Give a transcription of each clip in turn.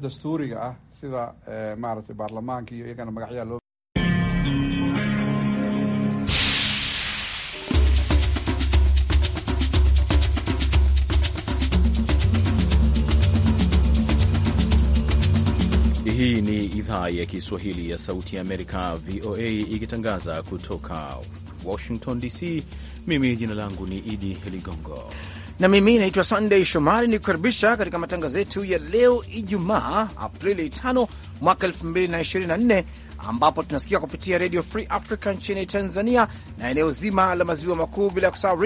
dastuuriga ah sida maaragtay baarlamaanka iyo iyagana magacyaa loo Hii ni idhaa ya Kiswahili ya Sauti ya Amerika, VOA, ikitangaza kutoka Washington DC. Mimi jina langu ni Idi Ligongo na mimi naitwa Sunday Shomari ni kukaribisha katika matangazo yetu ya leo Ijumaa Aprili 5 mwaka 2024 ambapo tunasikia kupitia Radio Free Africa nchini Tanzania na eneo zima la maziwa makuu, bila kusahau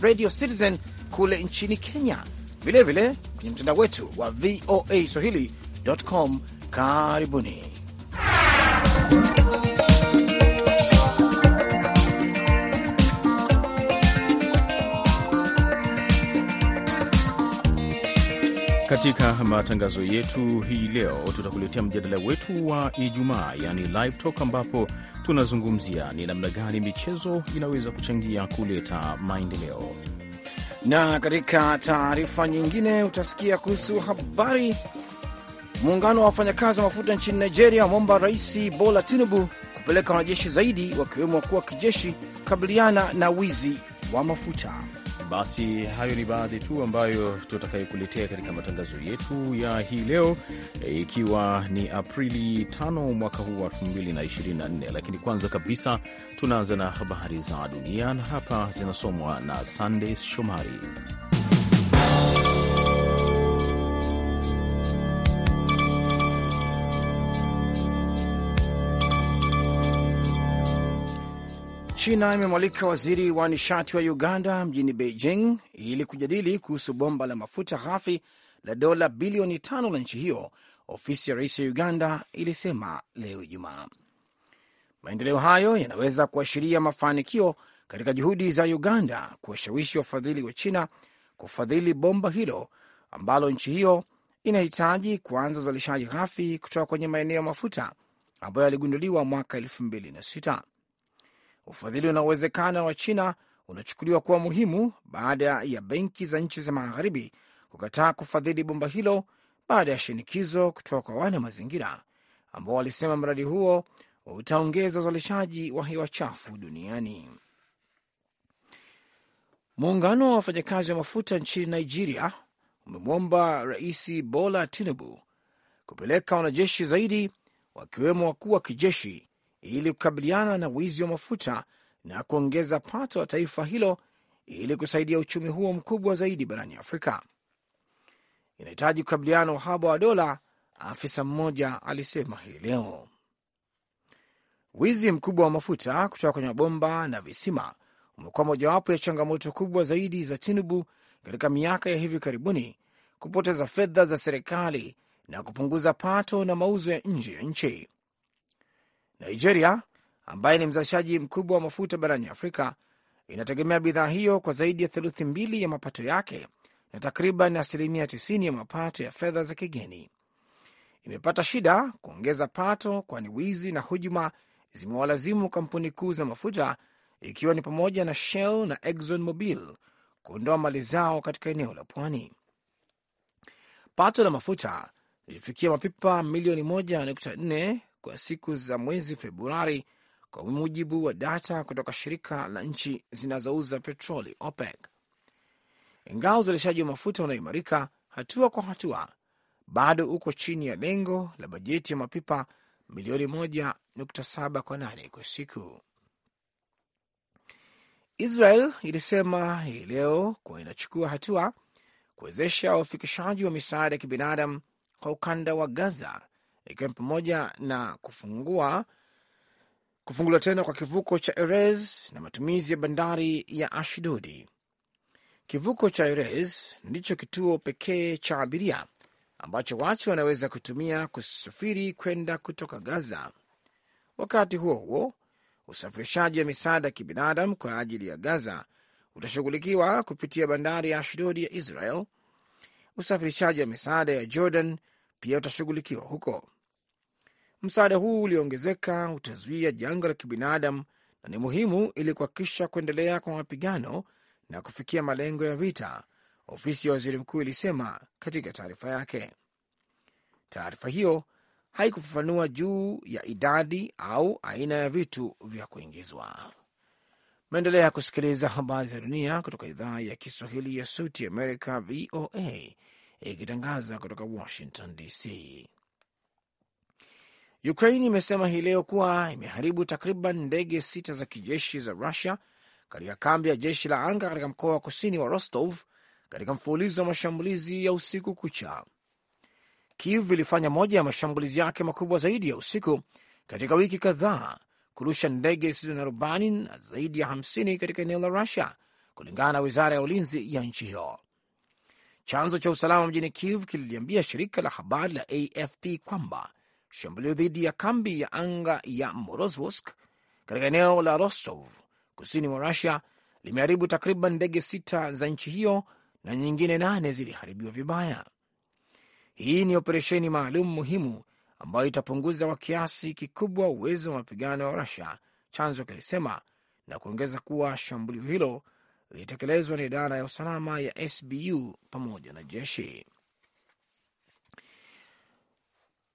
Radio Citizen kule nchini Kenya, vilevile kwenye mtandao wetu wa VOA Swahili.com. Karibuni Katika matangazo yetu hii leo tutakuletea mjadala wetu wa Ijumaa, yani live talk, ambapo tunazungumzia ni namna gani michezo inaweza kuchangia kuleta maendeleo. Na katika taarifa nyingine utasikia kuhusu habari muungano wa wafanyakazi wa mafuta nchini Nigeria wamwomba Rais Bola Tinubu kupeleka wanajeshi zaidi, wakiwemo wakuu wa kijeshi kukabiliana na wizi wa mafuta. Basi hayo ni baadhi tu ambayo tutakayokuletea katika matangazo yetu ya hii leo, ikiwa ni Aprili 5 mwaka huu wa 2024. Lakini kwanza kabisa tunaanza na habari za dunia, na hapa zinasomwa na Sandey Shomari. China imemwalika waziri wa nishati wa Uganda mjini Beijing ili kujadili kuhusu bomba la mafuta ghafi la dola bilioni tano la nchi hiyo, ofisi ya rais ya Uganda ilisema leo Ijumaa. Maendeleo hayo yanaweza kuashiria mafanikio katika juhudi za Uganda kuwashawishi wafadhili wa China kufadhili bomba hilo ambalo nchi hiyo inahitaji kuanza uzalishaji ghafi kutoka kwenye maeneo ya mafuta ambayo yaligunduliwa mwaka 2006. Ufadhili unaowezekana wa China unachukuliwa kuwa muhimu baada ya benki za nchi za magharibi kukataa kufadhili bomba hilo baada ya shinikizo kutoka kwa wana mazingira ambao walisema mradi huo utaongeza uzalishaji wa hewa chafu duniani. Muungano wa wafanyakazi wa mafuta nchini Nigeria umemwomba Rais Bola Tinubu kupeleka wanajeshi zaidi, wakiwemo wakuu wa kijeshi ili kukabiliana na wizi wa mafuta na kuongeza pato la taifa hilo ili kusaidia uchumi huo mkubwa zaidi barani Afrika. Inahitaji kukabiliana na uhaba wa dola, afisa mmoja alisema hii leo. Wizi mkubwa wa mafuta kutoka kwenye mabomba na visima umekuwa mojawapo ya changamoto kubwa zaidi za Tinubu katika miaka ya hivi karibuni, kupoteza fedha za serikali na kupunguza pato na mauzo ya nje ya nchi. Nigeria ambaye ni mzalishaji mkubwa wa mafuta barani Afrika inategemea bidhaa hiyo kwa zaidi ya theluthi mbili ya mapato yake na takriban asilimia 90 ya mapato ya fedha za kigeni. Imepata shida kuongeza pato, kwani wizi na hujuma zimewalazimu kampuni kuu za mafuta ikiwa ni pamoja na Shell na Exxon Mobil kuondoa mali zao katika eneo la pwani. Pato la mafuta lilifikia mapipa milioni 1.4 kwa siku za mwezi Februari, kwa mujibu wa data kutoka shirika la nchi zinazouza petroli OPEC. Ingawa uzalishaji wa mafuta unaoimarika hatua kwa hatua, bado uko chini ya lengo la bajeti ya mapipa milioni 1.7 kwa nane kwa siku. Israel ilisema hii leo kuwa inachukua hatua kuwezesha ufikishaji wa misaada ya kibinadamu kwa ukanda wa Gaza ikiwa ni pamoja na kufungua kufunguliwa tena kwa kivuko cha Erez na matumizi ya bandari ya Ashdodi. Kivuko cha Erez ndicho kituo pekee cha abiria ambacho watu wanaweza kutumia kusafiri kwenda kutoka Gaza. Wakati huo huo, usafirishaji wa misaada ya kibinadamu kwa ajili ya Gaza utashughulikiwa kupitia bandari ya Ashdodi ya Israel. Usafirishaji wa misaada ya Jordan pia utashughulikiwa huko. Msaada huu ulioongezeka utazuia janga la kibinadamu na ni muhimu ili kuhakikisha kuendelea kwa mapigano na kufikia malengo ya vita, ofisi ya waziri mkuu ilisema katika taarifa yake. Taarifa hiyo haikufafanua juu ya idadi au aina ya vitu vya kuingizwa. Maendelea kusikiliza habari za dunia kutoka idhaa ya Kiswahili ya Sauti ya Amerika, VOA, ikitangaza kutoka Washington DC ukrain imesema hii leo kuwa imeharibu takriban ndege sita za kijeshi za Rusia katika kambi ya jeshi la anga katika mkoa wa kusini wa Rostov katika mfululizo wa mashambulizi ya usiku kucha. Kiev ilifanya moja ya mashambulizi yake makubwa zaidi ya usiku katika wiki kadhaa kurusha ndege zisizo na rubani na zaidi ya 50 katika eneo la Rusia, kulingana na wizara ya ulinzi ya nchi hiyo. Chanzo cha usalama mjini Kiev kililiambia shirika la habari la AFP kwamba shambulio dhidi ya kambi ya anga ya Morozovsk katika eneo la Rostov kusini mwa Rusia limeharibu takriban ndege sita za nchi hiyo na nyingine nane ziliharibiwa vibaya. Hii ni operesheni maalum muhimu ambayo itapunguza kwa kiasi kikubwa uwezo wa mapigano wa Rusia, chanzo kilisema, na kuongeza kuwa shambulio hilo lilitekelezwa na idara ya usalama ya SBU pamoja na jeshi.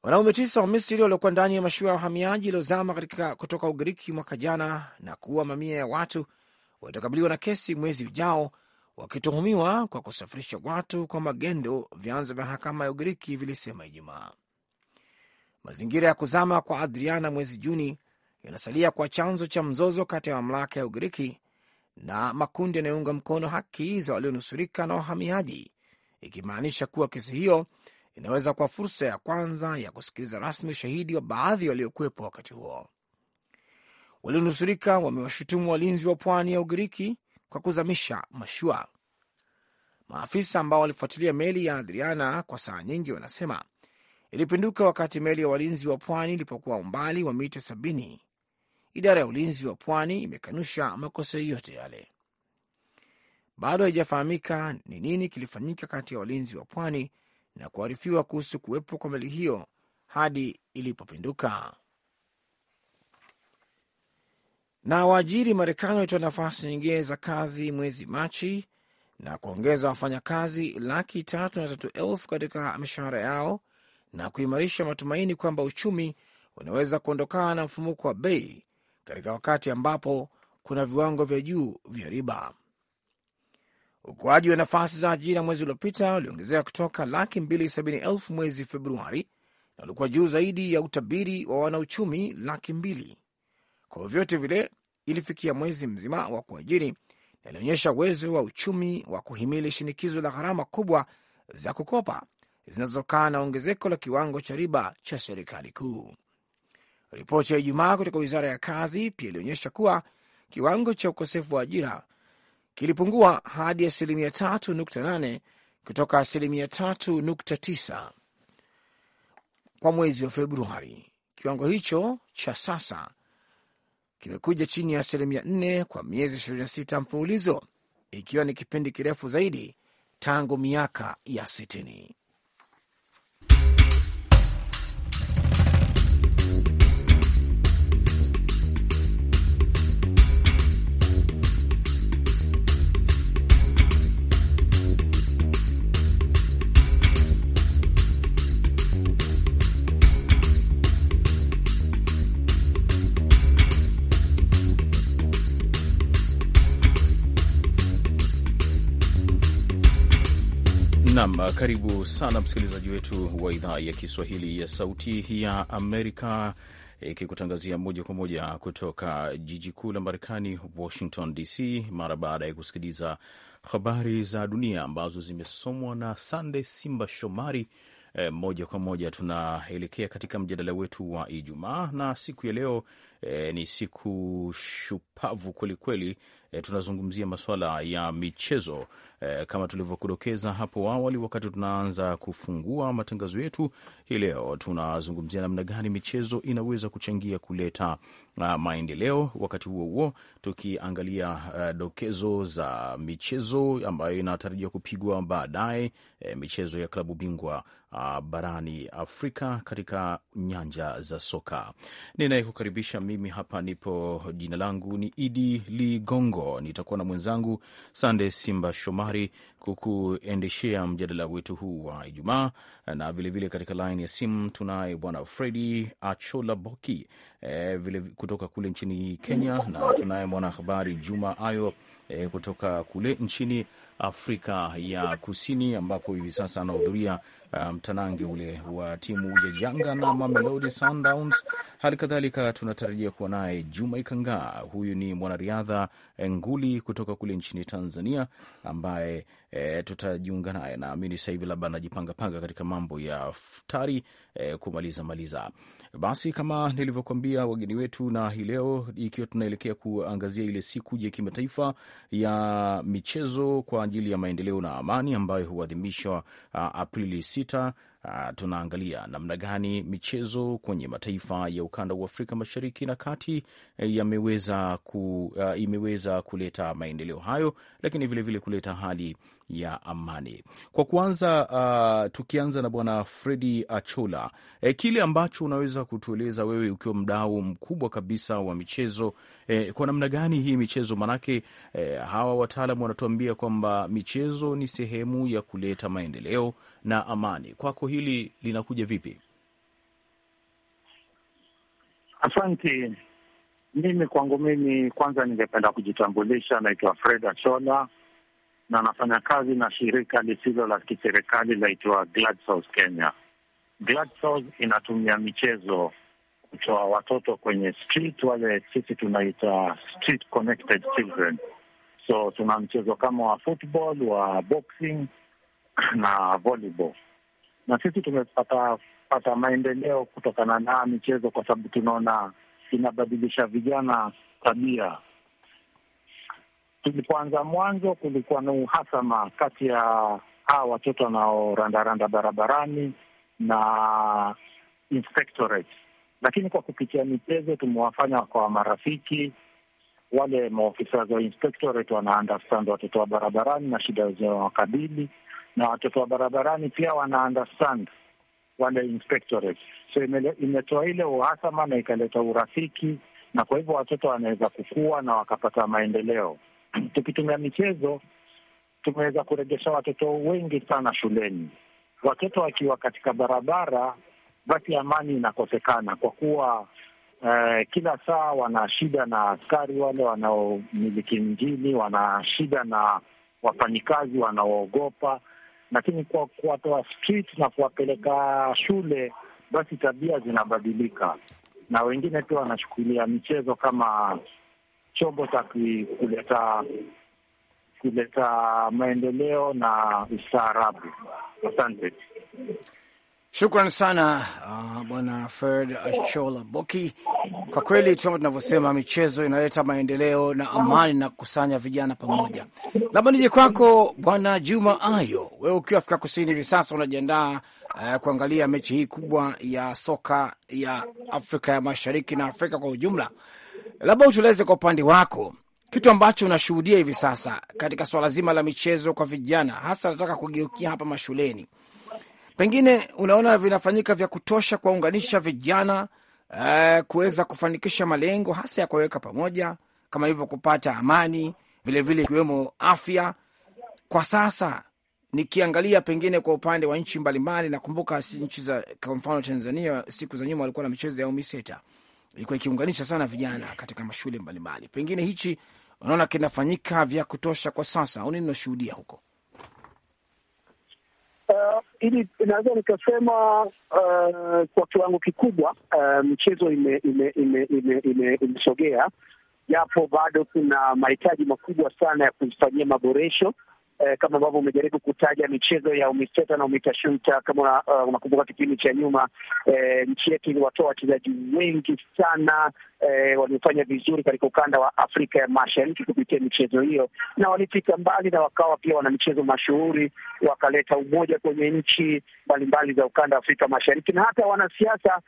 Wanaume tisa wa Misri waliokuwa ndani ya mashua ya wahamiaji iliyozama kutoka Ugiriki mwaka jana na kuua mamia ya watu watakabiliwa na kesi mwezi ujao, wakituhumiwa kwa kusafirisha watu kwa magendo, vyanzo vya mahakama ya Ugiriki vilisema Ijumaa. Mazingira ya kuzama kwa Adriana mwezi Juni yanasalia kwa chanzo cha mzozo kati ya mamlaka ya Ugiriki na makundi yanayounga mkono haki za walionusurika na wahamiaji, ikimaanisha kuwa kesi hiyo inaweza kuwa fursa ya kwanza ya kusikiliza rasmi ushahidi wa baadhi waliokuwepo wakati huo. Walionusurika wamewashutumu walinzi wa pwani ya Ugiriki kwa kuzamisha mashua. Maafisa ambao walifuatilia meli ya Adriana kwa saa nyingi wanasema ilipinduka wakati meli ya walinzi wa pwani ilipokuwa umbali wa mita sabini. Idara ya ulinzi wa pwani imekanusha makosa yote yale. Bado haijafahamika ni nini kilifanyika kati ya walinzi wa pwani na kuarifiwa kuhusu kuwepo kwa meli hiyo hadi ilipopinduka. Na waajiri Marekani walitoa nafasi nyingine za kazi mwezi Machi na kuongeza wafanyakazi laki tatu na tatu elfu katika mishahara yao na kuimarisha matumaini kwamba uchumi unaweza kuondokana na mfumuko wa bei katika wakati ambapo kuna viwango vya juu vya riba. Ukuaji wa nafasi za ajira mwezi uliopita uliongezeka kutoka laki mbili sabini elfu mwezi Februari na ulikuwa juu zaidi ya utabiri wa wanauchumi laki mbili. Kwa vyote vile, ilifikia mwezi mzima wa kuajiri na ilionyesha uwezo wa uchumi wa kuhimili shinikizo la gharama kubwa za kukopa zinazotokana na ongezeko la kiwango cha riba cha serikali kuu. Ripoti ya Ijumaa kutoka wizara ya kazi pia ilionyesha kuwa kiwango cha ukosefu wa ajira kilipungua hadi asilimia tatu nukta nane kutoka asilimia tatu nukta tisa kwa mwezi wa Februari. Kiwango hicho cha sasa kimekuja chini ya asilimia nne kwa miezi 26 mfululizo, ikiwa ni kipindi kirefu zaidi tangu miaka ya sitini. Nam, karibu sana msikilizaji wetu wa idhaa ya Kiswahili ya Sauti ya Amerika, ikikutangazia moja kwa moja kutoka jiji kuu la Marekani, Washington DC, mara baada ya kusikiliza habari za dunia ambazo zimesomwa na Sande Simba Shomari. E, moja kwa moja tunaelekea katika mjadala wetu wa Ijumaa na siku ya leo e, ni siku shupavu kwelikweli e, tunazungumzia masuala ya michezo e, kama tulivyokudokeza hapo awali wakati tunaanza kufungua matangazo yetu hii leo, tunazungumzia namna gani michezo inaweza kuchangia kuleta uh, maendeleo. Wakati huo huo tukiangalia uh, dokezo za michezo ambayo inatarajia kupigwa baadaye, e, michezo ya klabu bingwa uh, barani Afrika katika nyanja za soka. Ninayekukaribisha mimi hapa nipo, jina langu ni Idi Ligongo. Kongo. Nitakuwa na mwenzangu Sande Simba Shomari kukuendeshea mjadala wetu huu wa Ijumaa, na vilevile katika laini ya simu tunaye bwana Fredi Achola Boki e, vile kutoka kule nchini Kenya, na tunaye mwanahabari Juma Ayo e, kutoka kule nchini Afrika ya Kusini, ambapo hivi sasa anahudhuria mtanange um, ule wa timu ya Yanga na Mamelodi Sundowns. Hali kadhalika tunatarajia kuwa naye Juma Ikangaa, huyu ni mwanariadha eh, nguli kutoka kule nchini Tanzania ambaye e, tutajiunga naye. Naamini sasa hivi labda anajipangapanga katika mambo ya futari e, kumaliza maliza. Basi kama nilivyokuambia wageni wetu, na hii leo ikiwa tunaelekea kuangazia ile siku ya kimataifa ya michezo kwa ajili ya maendeleo na amani ambayo huadhimishwa ah, Aprili sita uh, tunaangalia namna gani michezo kwenye mataifa ya ukanda wa Afrika Mashariki na Kati eh, yameweza ku, uh, imeweza kuleta maendeleo hayo, lakini vilevile vile kuleta hali ya amani. Kwa kuanza, uh, tukianza na Bwana Fredi Achola, e, kile ambacho unaweza kutueleza wewe ukiwa mdau mkubwa kabisa wa michezo e, kwa namna gani hii michezo manake, e, eh, hawa wataalam wanatuambia kwamba michezo ni sehemu ya kuleta maendeleo na amani. Kwako hili linakuja vipi? Asante. Mimi kwangu mimi, kwanza ningependa kujitambulisha, naitwa Fred Achola na anafanya kazi na shirika lisilo la kiserikali laitwa Kenya. Gladsos inatumia michezo kutoa watoto kwenye street, wale sisi tunaita street connected children. So tuna mchezo kama wa football, wa boxing na volleyball, na sisi tumepata pata maendeleo kutokana na michezo, kwa sababu tunaona inabadilisha vijana tabia tulipoanza mwanzo, kulikuwa na uhasama kati ya hawa watoto wanaorandaranda barabarani na inspectorate, lakini kwa kupitia michezo tumewafanya kwa marafiki. Wale maofisa wa inspectorate wana understand watoto wa barabarani na shida zinazowakabili, na watoto wa barabarani pia wana understand wale inspectorate. So imetoa ile uhasama na ikaleta urafiki, na kwa hivyo watoto wanaweza kukua na wakapata maendeleo tukitumia michezo tumeweza kurejesha watoto wengi sana shuleni. Watoto wakiwa katika barabara, basi amani inakosekana kwa kuwa eh, kila saa wana shida na askari wale wanaomiliki mjini, wana shida na wafanyikazi wanaoogopa. Lakini kwa kuwatoa street na kuwapeleka shule, basi tabia zinabadilika, na wengine pia wanachukulia michezo kama chombo cha kuleta kuleta maendeleo na ustaarabu. Asante, shukran sana uh, bwana Fred Achola Boki. Kwa kweli kama tunavyosema, michezo inaleta maendeleo na amani na kukusanya vijana pamoja. Labda nije kwako bwana Juma Ayo, wewe ukiwa Afrika Kusini hivi sasa unajiandaa uh, kuangalia mechi hii kubwa ya soka ya Afrika ya Mashariki na Afrika kwa ujumla labda utueleze kwa upande wako kitu ambacho unashuhudia hivi sasa katika swala zima la michezo kwa vijana, hasa nataka kugeukia hapa mashuleni, pengine unaona vinafanyika vya kutosha kuwaunganisha vijana eh, kuweza kufanikisha malengo hasa ya kuwaweka pamoja kama hivyo kupata amani vilevile ikiwemo vile afya. Kwa sasa nikiangalia pengine kwa upande wa nchi mbalimbali, nakumbuka nchi za kwa mfano Tanzania siku za nyuma walikuwa na michezo ya UMISETA ilikuwa ikiunganisha sana vijana katika mashule mbalimbali. Pengine hichi unaona kinafanyika vya kutosha kwa sasa, au nini unashuhudia huko? Uh, ili naweza nikasema uh, kwa kiwango kikubwa uh, michezo imesogea ime, ime, ime, ime, ime japo bado kuna mahitaji makubwa sana ya kufanyia maboresho eh, kama ambavyo umejaribu kutaja michezo ya umiseta na umitashuta Kama eh, unakumbuka uh, kipindi cha nyuma eh, nchi yetu iliwatoa wachezaji wengi sana eh, waliofanya vizuri katika ukanda wa Afrika ya Mashariki kupitia michezo hiyo, na walifika mbali na wakawa pia wana michezo mashuhuri, wakaleta umoja kwenye nchi mbalimbali za ukanda wa Afrika Mashariki, na hata wanasiasa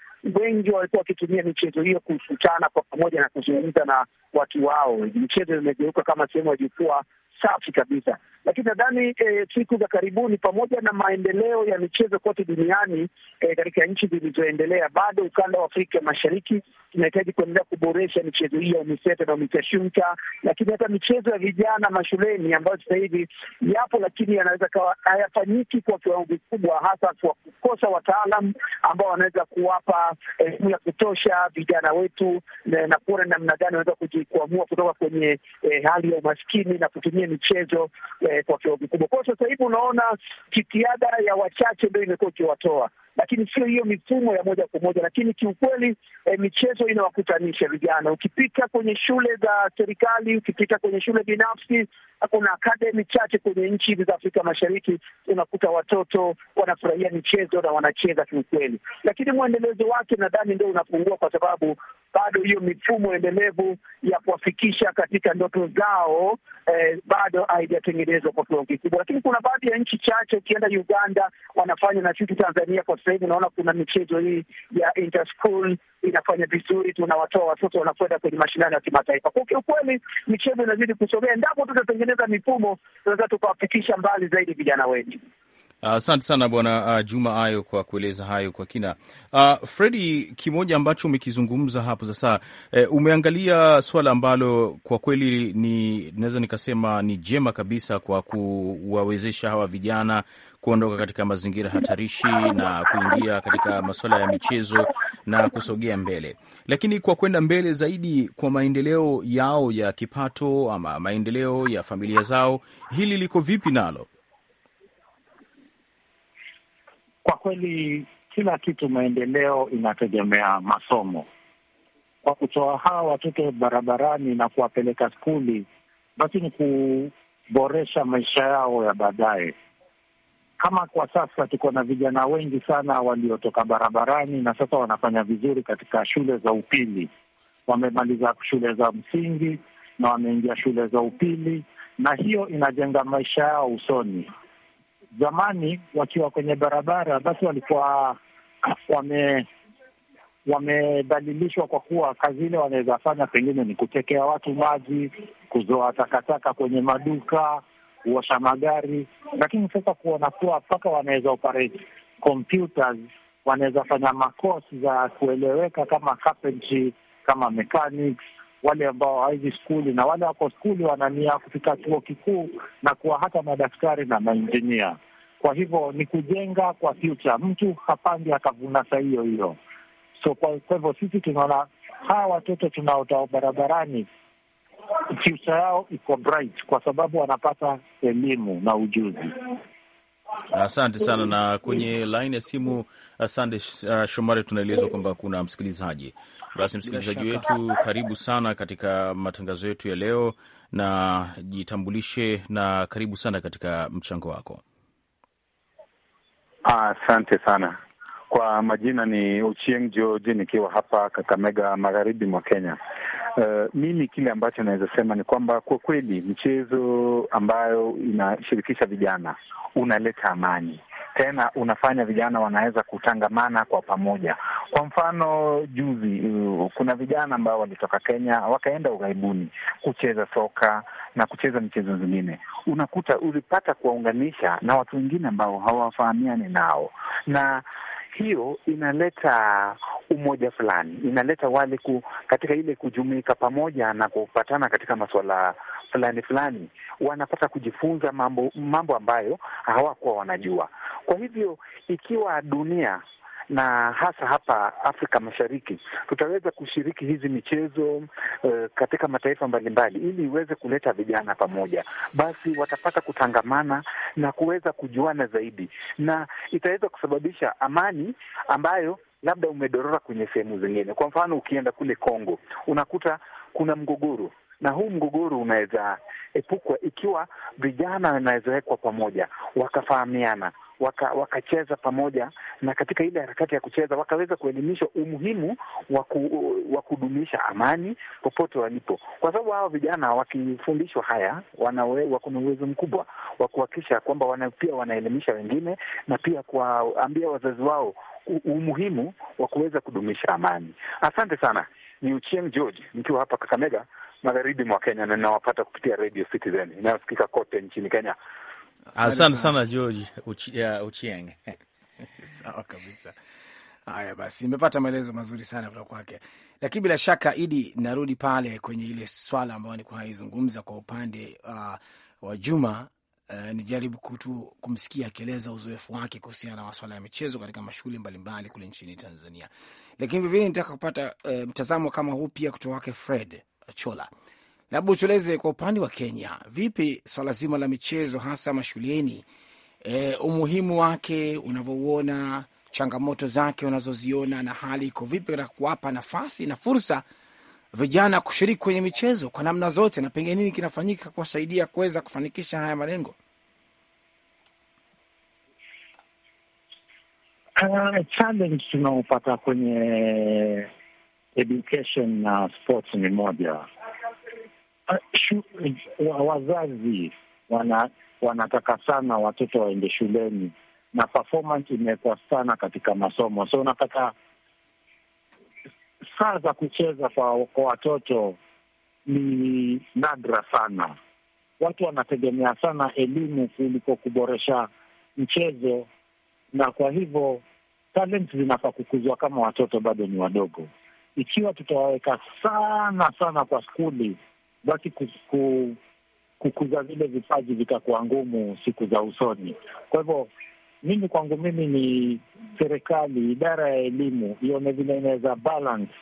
wengi walikuwa wakitumia michezo hiyo kukutana kwa pamoja na kuzungumza na watu wao. Michezo imegeuka kama sehemu ya jukwaa safi kabisa lakini nadhani e, siku za karibuni, pamoja na maendeleo ya michezo kote duniani e, katika nchi zilizoendelea, bado ukanda wa Afrika Mashariki tunahitaji kuendelea kuboresha michezo hii ya UMISETA na UMITASHUMTA, lakini hata michezo ya vijana mashuleni ambayo sasa hivi yapo, lakini yanaweza kawa hayafanyiki kwa kiwango kikubwa, hasa kwa kukosa wataalam ambao wanaweza kuwapa elimu ya kutosha vijana wetu na, na kuona namna gani wanaweza kujikwamua kutoka kwenye eh, hali ya umaskini na kutumia michezo kwa kiwango kikubwa hiyo Sasa hivi unaona jitihada ya wachache ndio imekuwa ikiwatoa lakini sio hiyo mifumo ya moja kwa moja. Lakini kiukweli eh, michezo inawakutanisha vijana. Ukipita kwenye shule za serikali, ukipita kwenye shule binafsi, kuna akademi chache kwenye nchi hizi za Afrika Mashariki, unakuta watoto wanafurahia michezo na wanacheza kiukweli, lakini mwendelezo wake nadhani ndo unapungua, kwa sababu bado hiyo mifumo endelevu ya kuwafikisha katika ndoto zao eh, bado haijatengenezwa kwa kiwango kikubwa. Lakini kuna baadhi ya nchi chache, ukienda Uganda wanafanya na sisi Tanzania kwa sasa hivi unaona kuna michezo hii ya interschool inafanya vizuri, tunawatoa watoto wanakwenda kwenye mashindano ya kimataifa. Kwa kiukweli, michezo inazidi kusogea, endapo tutatengeneza mifumo tunaweza tukawafikisha mbali zaidi vijana wetu. Asante uh, sana bwana uh, Juma Ayo kwa kueleza hayo kwa kina. Uh, Fredi, kimoja ambacho umekizungumza hapo sasa, eh, umeangalia swala ambalo kwa kweli ni naweza nikasema ni jema kabisa kwa kuwawezesha hawa vijana kuondoka katika mazingira hatarishi na kuingia katika masuala ya michezo na kusogea mbele, lakini kwa kwenda mbele zaidi kwa maendeleo yao ya kipato ama maendeleo ya familia zao, hili liko vipi nalo? Kwa kweli kila kitu maendeleo inategemea masomo. Kwa kutoa hawa watoto barabarani na kuwapeleka skuli, basi ni kuboresha maisha yao ya baadaye. Kama kwa sasa tuko na vijana wengi sana waliotoka barabarani na sasa wanafanya vizuri katika shule za upili, wamemaliza shule za msingi na wameingia shule za upili, na hiyo inajenga maisha yao usoni zamani wakiwa kwenye barabara, basi walikuwa wame wamedhalilishwa kwa kuwa kazi ile wanaweza fanya pengine ni kutekea watu maji, kuzoa takataka kwenye maduka, kuosha magari. Lakini sasa kuona kuwa mpaka wanaweza operate computers, wanaweza fanya makosi za kueleweka kama carpentry, kama mechanics wale ambao hawezi skuli na wale wako skuli wanania kufika chuo kikuu na kuwa hata madaktari na mainjinia. Kwa hivyo ni kujenga kwa future, mtu hapandi akavuna saa hiyo hiyo. So kwa, hivyo sisi tunaona hawa watoto tunaotao barabarani future yao iko bright kwa sababu wanapata elimu na ujuzi. Asante uh, sana. Na kwenye laini ya simu uh, Sande uh, Shomari, tunaelezwa kwamba kuna msikilizaji. Basi msikilizaji wetu, karibu sana katika matangazo yetu ya leo, na jitambulishe na karibu sana katika mchango wako. Asante uh, sana. Kwa majina ni Uchieng George nikiwa hapa Kakamega, magharibi mwa Kenya. Uh, mimi kile ambacho naweza sema ni kwamba kwa kweli mchezo ambayo inashirikisha vijana unaleta amani tena unafanya vijana wanaweza kutangamana kwa pamoja. Kwa mfano juzi, uh, kuna vijana ambao walitoka Kenya wakaenda ughaibuni kucheza soka na kucheza michezo zingine, unakuta ulipata kuwaunganisha na watu wengine ambao hawafahamiani nao, na hiyo inaleta umoja fulani, inaleta wale ku, katika ile kujumuika pamoja na kupatana katika masuala fulani fulani, wanapata kujifunza mambo mambo ambayo hawakuwa wanajua. Kwa hivyo ikiwa dunia na hasa hapa Afrika Mashariki tutaweza kushiriki hizi michezo e, katika mataifa mbalimbali ili iweze kuleta vijana pamoja, basi watapata kutangamana na kuweza kujuana zaidi, na itaweza kusababisha amani ambayo labda umedorora kwenye sehemu zingine. Kwa mfano, ukienda kule Kongo unakuta kuna mgogoro na huu mgogoro unaweza epukwa ikiwa vijana wanaweza wekwa pamoja wakafahamiana, wakacheza waka pamoja, na katika ile harakati ya kucheza wakaweza kuelimishwa umuhimu wa kudumisha amani popote walipo, kwa sababu hawa vijana wakifundishwa haya wako na uwezo mkubwa wa kuhakikisha kwamba wana, pia wanaelimisha wengine na pia kuwaambia wazazi wao umuhimu wa kuweza kudumisha amani. Asante sana. Ni Uchieng George nikiwa hapa Kakamega, magharibi mwa Kenya, na ninawapata kupitia Radio Citizen inayosikika kote nchini Kenya. Asante sana, George Uchieng sawa kabisa. Haya basi, nimepata maelezo mazuri sana kutoka kwake, lakini bila shaka Idi, narudi pale kwenye ile swala ambayo nilikuwa naizungumza kwa upande uh, wa Juma uh, nijaribu kutu, kumsikia akieleza uzoefu wake kuhusiana na maswala ya michezo katika mashughuli mbalimbali kule nchini Tanzania, lakini vivili nitaka kupata uh, mtazamo kama huu pia kutoka kwake Fred Chola Labda utueleze kwa upande wa Kenya, vipi swala zima la michezo hasa mashuleni, e, umuhimu wake unavyouona, changamoto zake unazoziona, na hali iko vipi katika kuwapa nafasi na fursa vijana kushiriki kwenye michezo kwa namna zote, na pengine nini kinafanyika kuwasaidia kuweza kufanikisha haya malengo? Uh, challenge tunaopata kwenye education na sports ni moja Ah, wazazi wana, wanataka sana watoto waende shuleni na performance imewekwa sana katika masomo, so unapata saa za kucheza kwa watoto ni nadra sana. Watu wanategemea sana elimu kuliko kuboresha mchezo, na kwa hivyo talent zinafaa kukuzwa kama watoto bado ni wadogo. Ikiwa tutawaweka sana sana kwa skuli basi kuku, kukuza vile vipaji vitakuwa ngumu siku za usoni. Kwa hivyo mimi kwangu mimi ni serikali, idara ya elimu ione vile inaweza balance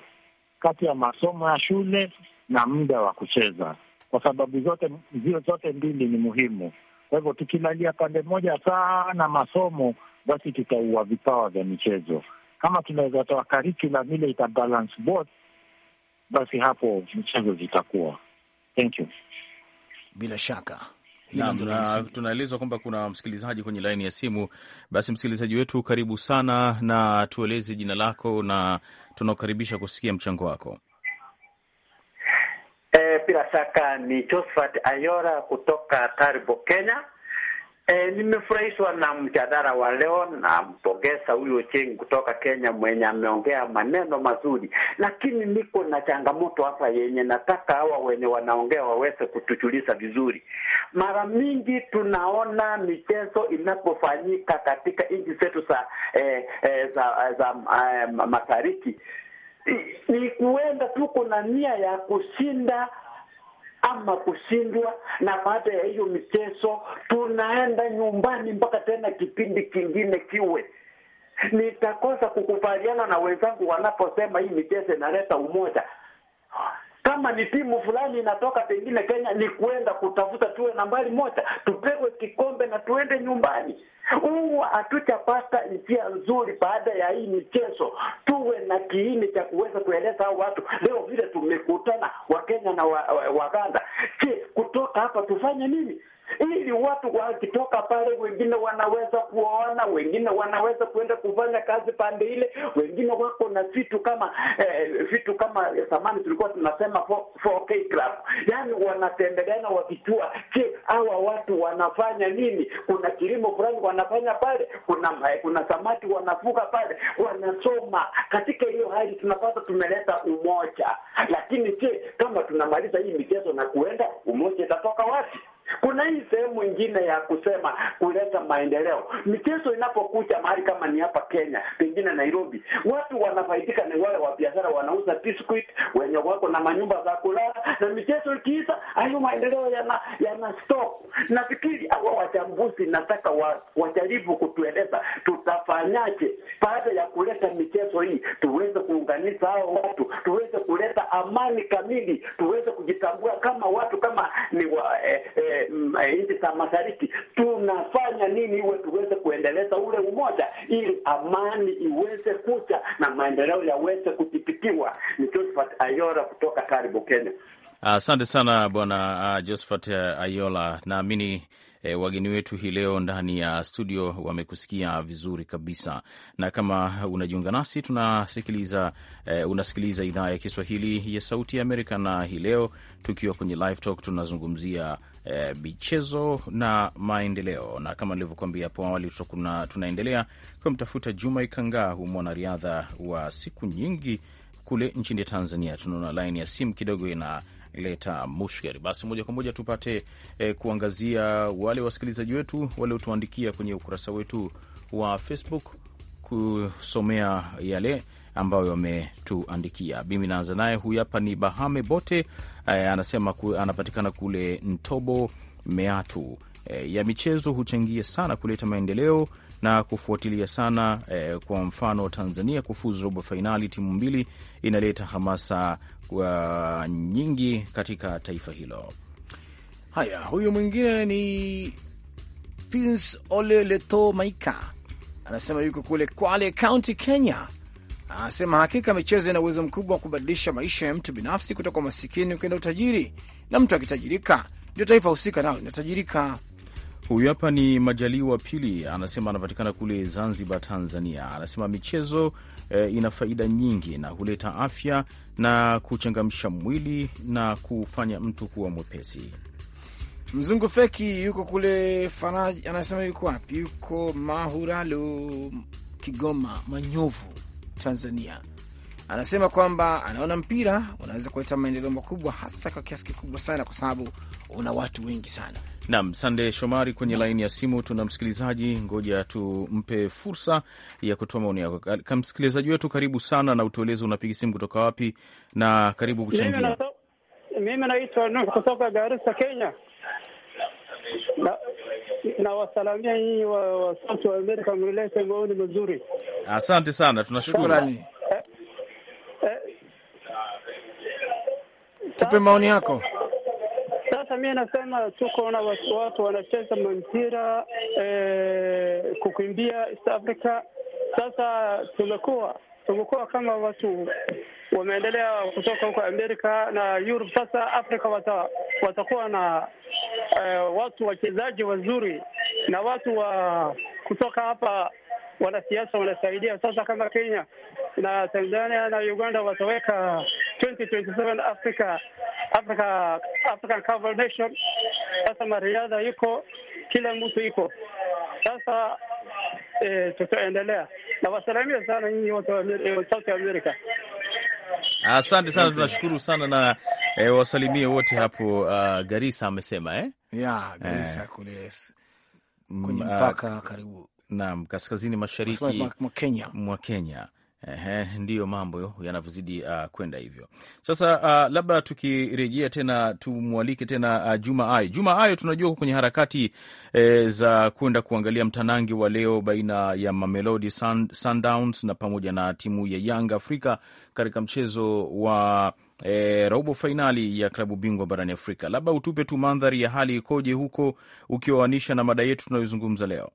kati ya masomo ya shule na muda wa kucheza, kwa sababu zote zio zote mbili ni muhimu. Kwa hivyo tukilalia pande moja sana masomo, basi tutaua vipawa vya michezo. Kama tunaweza toa karikula ile ita balance both, basi hapo michezo zitakuwa Thank you. Bila shaka tunaelezwa kwamba kuna msikilizaji kwenye laini ya simu. Basi msikilizaji wetu, karibu sana na tueleze jina lako na tunakukaribisha kusikia mchango wako. E, shaka ni Josephat Ayora kutoka Taribo, Kenya. E, nimefurahishwa na mjadala wa leo. Nampongeza huyo chengi kutoka Kenya mwenye ameongea maneno mazuri, lakini niko na changamoto hapa yenye nataka hawa wenye wanaongea waweze kutujulisha vizuri. Mara mingi tunaona michezo inapofanyika katika nchi zetu za eh, eh, za, eh, za eh, mashariki ni kuenda tu, kuna nia ya kushinda ama kushindwa, na baada ya hiyo michezo tunaenda nyumbani mpaka tena kipindi kingine kiwe. Nitakosa kukubaliana na wenzangu wanaposema hii michezo inaleta umoja kama ni timu fulani inatoka pengine Kenya, ni kuenda kutafuta tuwe nambari moja, tupewe kikombe na tuende nyumbani. Huwa hatutapata njia nzuri baada ya hii michezo, tuwe na kiini cha kuweza kueleza hao watu. Leo vile tumekutana Wakenya na Waganda wa, wa, je, kutoka hapa tufanye nini? ili watu wakitoka pale, wengine wanaweza kuona, wengine wanaweza kuenda kufanya kazi pande ile, wengine wako na vitu kama eh, vitu kama zamani tulikuwa tunasema 4K club, yaani wanatembeleana wakijua, je, hawa watu wanafanya nini? Kuna kilimo fulani wanafanya pale, kuna eh, kuna samaki wanafuga pale, wanasoma. Katika hiyo hali tunapata tumeleta umoja, lakini je, kama tunamaliza hii michezo na kuenda, umoja itatoka wapi? Kuna hii sehemu ingine ya kusema kuleta maendeleo. Michezo inapokuja mahali kama ni hapa Kenya, pengine Nairobi, watu wanafaidika ni wale wa biashara, wanauza biskuit, wenye wako na manyumba za kulala, na michezo ikiisha, hayo maendeleo yana yana stop. Nafikiri hawa wachambuzi nataka wa, wajaribu kutueleza tutafanyaje baada ya kuleta michezo hii, tuweze kuunganisha hao watu, tuweze kuleta amani kamili, tuweze kujitambua kama watu kama ni wa, eh, eh, Mm, eh, nchi za mashariki tunafanya nini iwe tuweze kuendeleza ule umoja, ili amani iweze kuja na maendeleo yaweze kudhibitiwa. Ni Josephat Ayora kutoka Karibu, Kenya. Asante uh, sana bwana uh, Josephat uh, Ayola. Naamini eh, wageni wetu hii leo ndani ya studio wamekusikia vizuri kabisa, na kama unajiunga nasi tunasikiliza, eh, unasikiliza idhaa ya Kiswahili ya Sauti ya Amerika, na hii leo tukiwa kwenye live talk tunazungumzia Eh, michezo e, na maendeleo. Na kama nilivyokuambia hapo awali, tunaendelea kumtafuta Juma Ikangaa, hu mwanariadha wa siku nyingi kule nchini Tanzania. Tunaona laini ya simu kidogo inaleta mushkeli. Basi moja kwa moja tupate e, kuangazia wale wasikilizaji wetu waliotuandikia kwenye ukurasa wetu wa Facebook kusomea yale ambayo wametuandikia. Mimi naanza naye, huyu hapa ni Bahame Bote. E, anasema ku, anapatikana kule Ntobo Meatu. E, ya michezo huchangia sana kuleta maendeleo na kufuatilia sana e, kwa mfano Tanzania kufuzu robo fainali, timu mbili inaleta hamasa kwa nyingi katika taifa hilo. Haya, huyu mwingine ni Prince Ole Leto Maika, anasema yuko kule Kwale County, Kenya anasema hakika michezo ina uwezo mkubwa wa kubadilisha maisha ya mtu binafsi kutoka umasikini kwenda utajiri, na mtu akitajirika ndio taifa husika nalo linatajirika. Huyu hapa ni Majaliwa Pili, anasema anapatikana kule Zanzibar, Tanzania. Anasema michezo e, ina faida nyingi na huleta afya na kuchangamsha mwili na kufanya mtu kuwa mwepesi. Mzungu Feki yuko kule Faraj, anasema yuko wapi? Yuko Mahuralo, Kigoma, Manyovu Tanzania. Anasema kwamba anaona mpira unaweza kuleta maendeleo makubwa, hasa kwa kiasi kikubwa sana, kwa sababu una watu wengi sana. Nam Sande Shomari kwenye no. laini ya simu tuna msikilizaji, ngoja tumpe fursa ya kutoa maoni yako. Msikilizaji wetu, karibu sana na utueleze unapiga simu kutoka wapi na karibu kuchangia. Mimi naitwa kutoka Garissa, Kenya nawasalamia nyinyi wasauti wa Amerika, mlilete maoni mazuri. Asante sana, tunashukuru. Eh, eh, Tupe maoni yako. Sasa mi nasema tuko na watu wanacheza mampira eh, kukimbia East Africa. Sasa tumekuwa tumekuwa kama watu wameendelea kutoka huko Amerika na Europe. Sasa Afrika watakuwa na uh, watu wachezaji wazuri na watu wa kutoka hapa wanasiasa wanasaidia. Sasa kama Kenya na Tanzania na Uganda wataweka 2027 Africa, Africa, African Cover Nation. Sasa mariadha iko kila mtu iko sasa, eh, tutaendelea. wasalamia sana nyinyi wote wa eh, South America. Asante sana, tunashukuru sana na e, wasalimie wote hapo uh, ah, Garisa amesema eh? ya Garisa, eh, kule kwenye mm, ah, mpaka karibu naam, kaskazini mashariki mwa Kenya, mwa Kenya. Ehe, ndiyo mambo yanavyozidi uh, kwenda hivyo sasa. Uh, labda tukirejea tena tumwalike tena uh, Juma Ayo. Juma Ayo, tunajua kwenye harakati eh, za kwenda kuangalia mtanangi wa leo baina ya Mamelodi Sundowns na pamoja na timu ya Yanga Afrika katika mchezo wa E, robo fainali ya klabu bingwa barani Afrika, labda utupe tu mandhari ya hali ikoje huko ukiwaanisha na mada yetu tunayozungumza leo.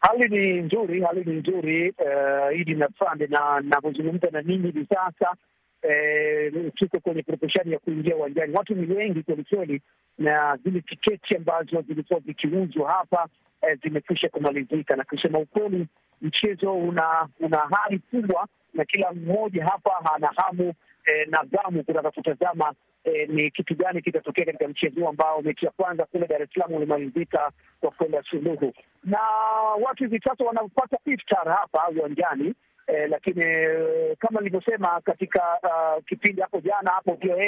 Hali ni nzuri, hali ni nzuri uh, Idi na Fande, na navyozungumza na ninyi hivi sasa uh, tuko kwenye prepeshani ya kuingia uwanjani. Watu ni wengi kwelikweli, na zile tiketi ambazo zilikuwa zikiuzwa hapa eh, zimekwisha kumalizika, na kusema ukweli, mchezo una una hali kubwa, na kila mmoja hapa ana hamu eh, na gamu kutaka kutazama e, ni kitu gani kitatokea katika mchezo huu ambao mechi ya kwanza kule Dar es Salaam ulimalizika kwa kwenda suluhu, na watu hivi sasa wanapata iftar hapa uwanjani. E, lakini eh, kama nilivyosema katika uh, kipindi hapo jana hapo VOA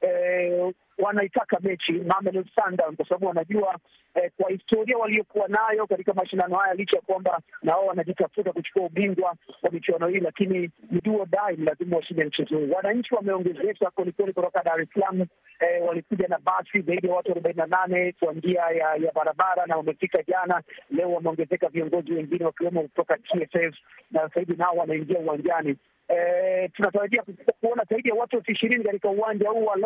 e, wanaitaka mechi Mamelodi Sundowns kwa sababu wanajua eh, kwa historia waliokuwa nayo katika mashindano haya, licha ya kwamba na wao wanajitafuta kuchukua ubingwa wa michuano hii, lakini ni duo dai, lazima washinde mchezo huu. Wananchi wameongezeka kwelikweli kutoka Dar es Salaam eh, walikuja na basi zaidi ya watu arobaini na nane kwa njia ya, ya barabara na wamefika jana. Leo wameongezeka viongozi wengine wakiwemo kutoka TFF na sasa hivi nao wanaingia uwanjani Eh, tunatarajia kuona zaidi ya watu elfu ishirini katika uwanja huu wa eh,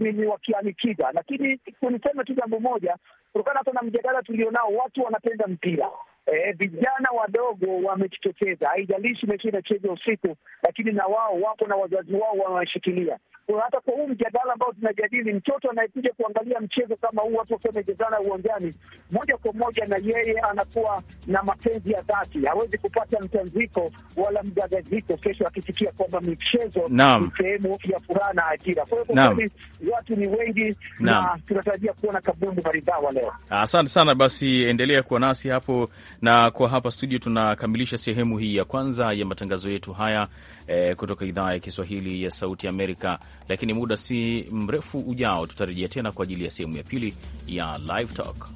ni wakianikika, lakini niseme tu jambo moja, kutokana hata na mjadala tulionao, watu wanapenda mpira Eh, vijana e, wadogo wamejitokeza. Haijalishi mechi inachezwa usiku, lakini na wao wapo na wazazi wao wanawashikilia. Hata kwa huu mjadala ambao tunajadili, mtoto anayekuja kuangalia mchezo kama huu, watu wakiwa wamechezana uwanjani, moja kwa moja na yeye anakuwa na mapenzi ya dhati, hawezi kupata mtanziko wala mgagaziko kesho, akisikia kwamba michezo ni sehemu ya furaha na ajira. Kwa hiyo kwa kweli watu ni wengi na tunatarajia kuona kabumbu maridhawa leo. Asante sana, basi endelea kuwa nasi hapo na kwa hapa studio tunakamilisha sehemu hii ya kwanza ya matangazo yetu haya e, kutoka idhaa ya Kiswahili ya Sauti Amerika, lakini muda si mrefu ujao tutarejea tena kwa ajili ya sehemu ya pili ya Live Talk.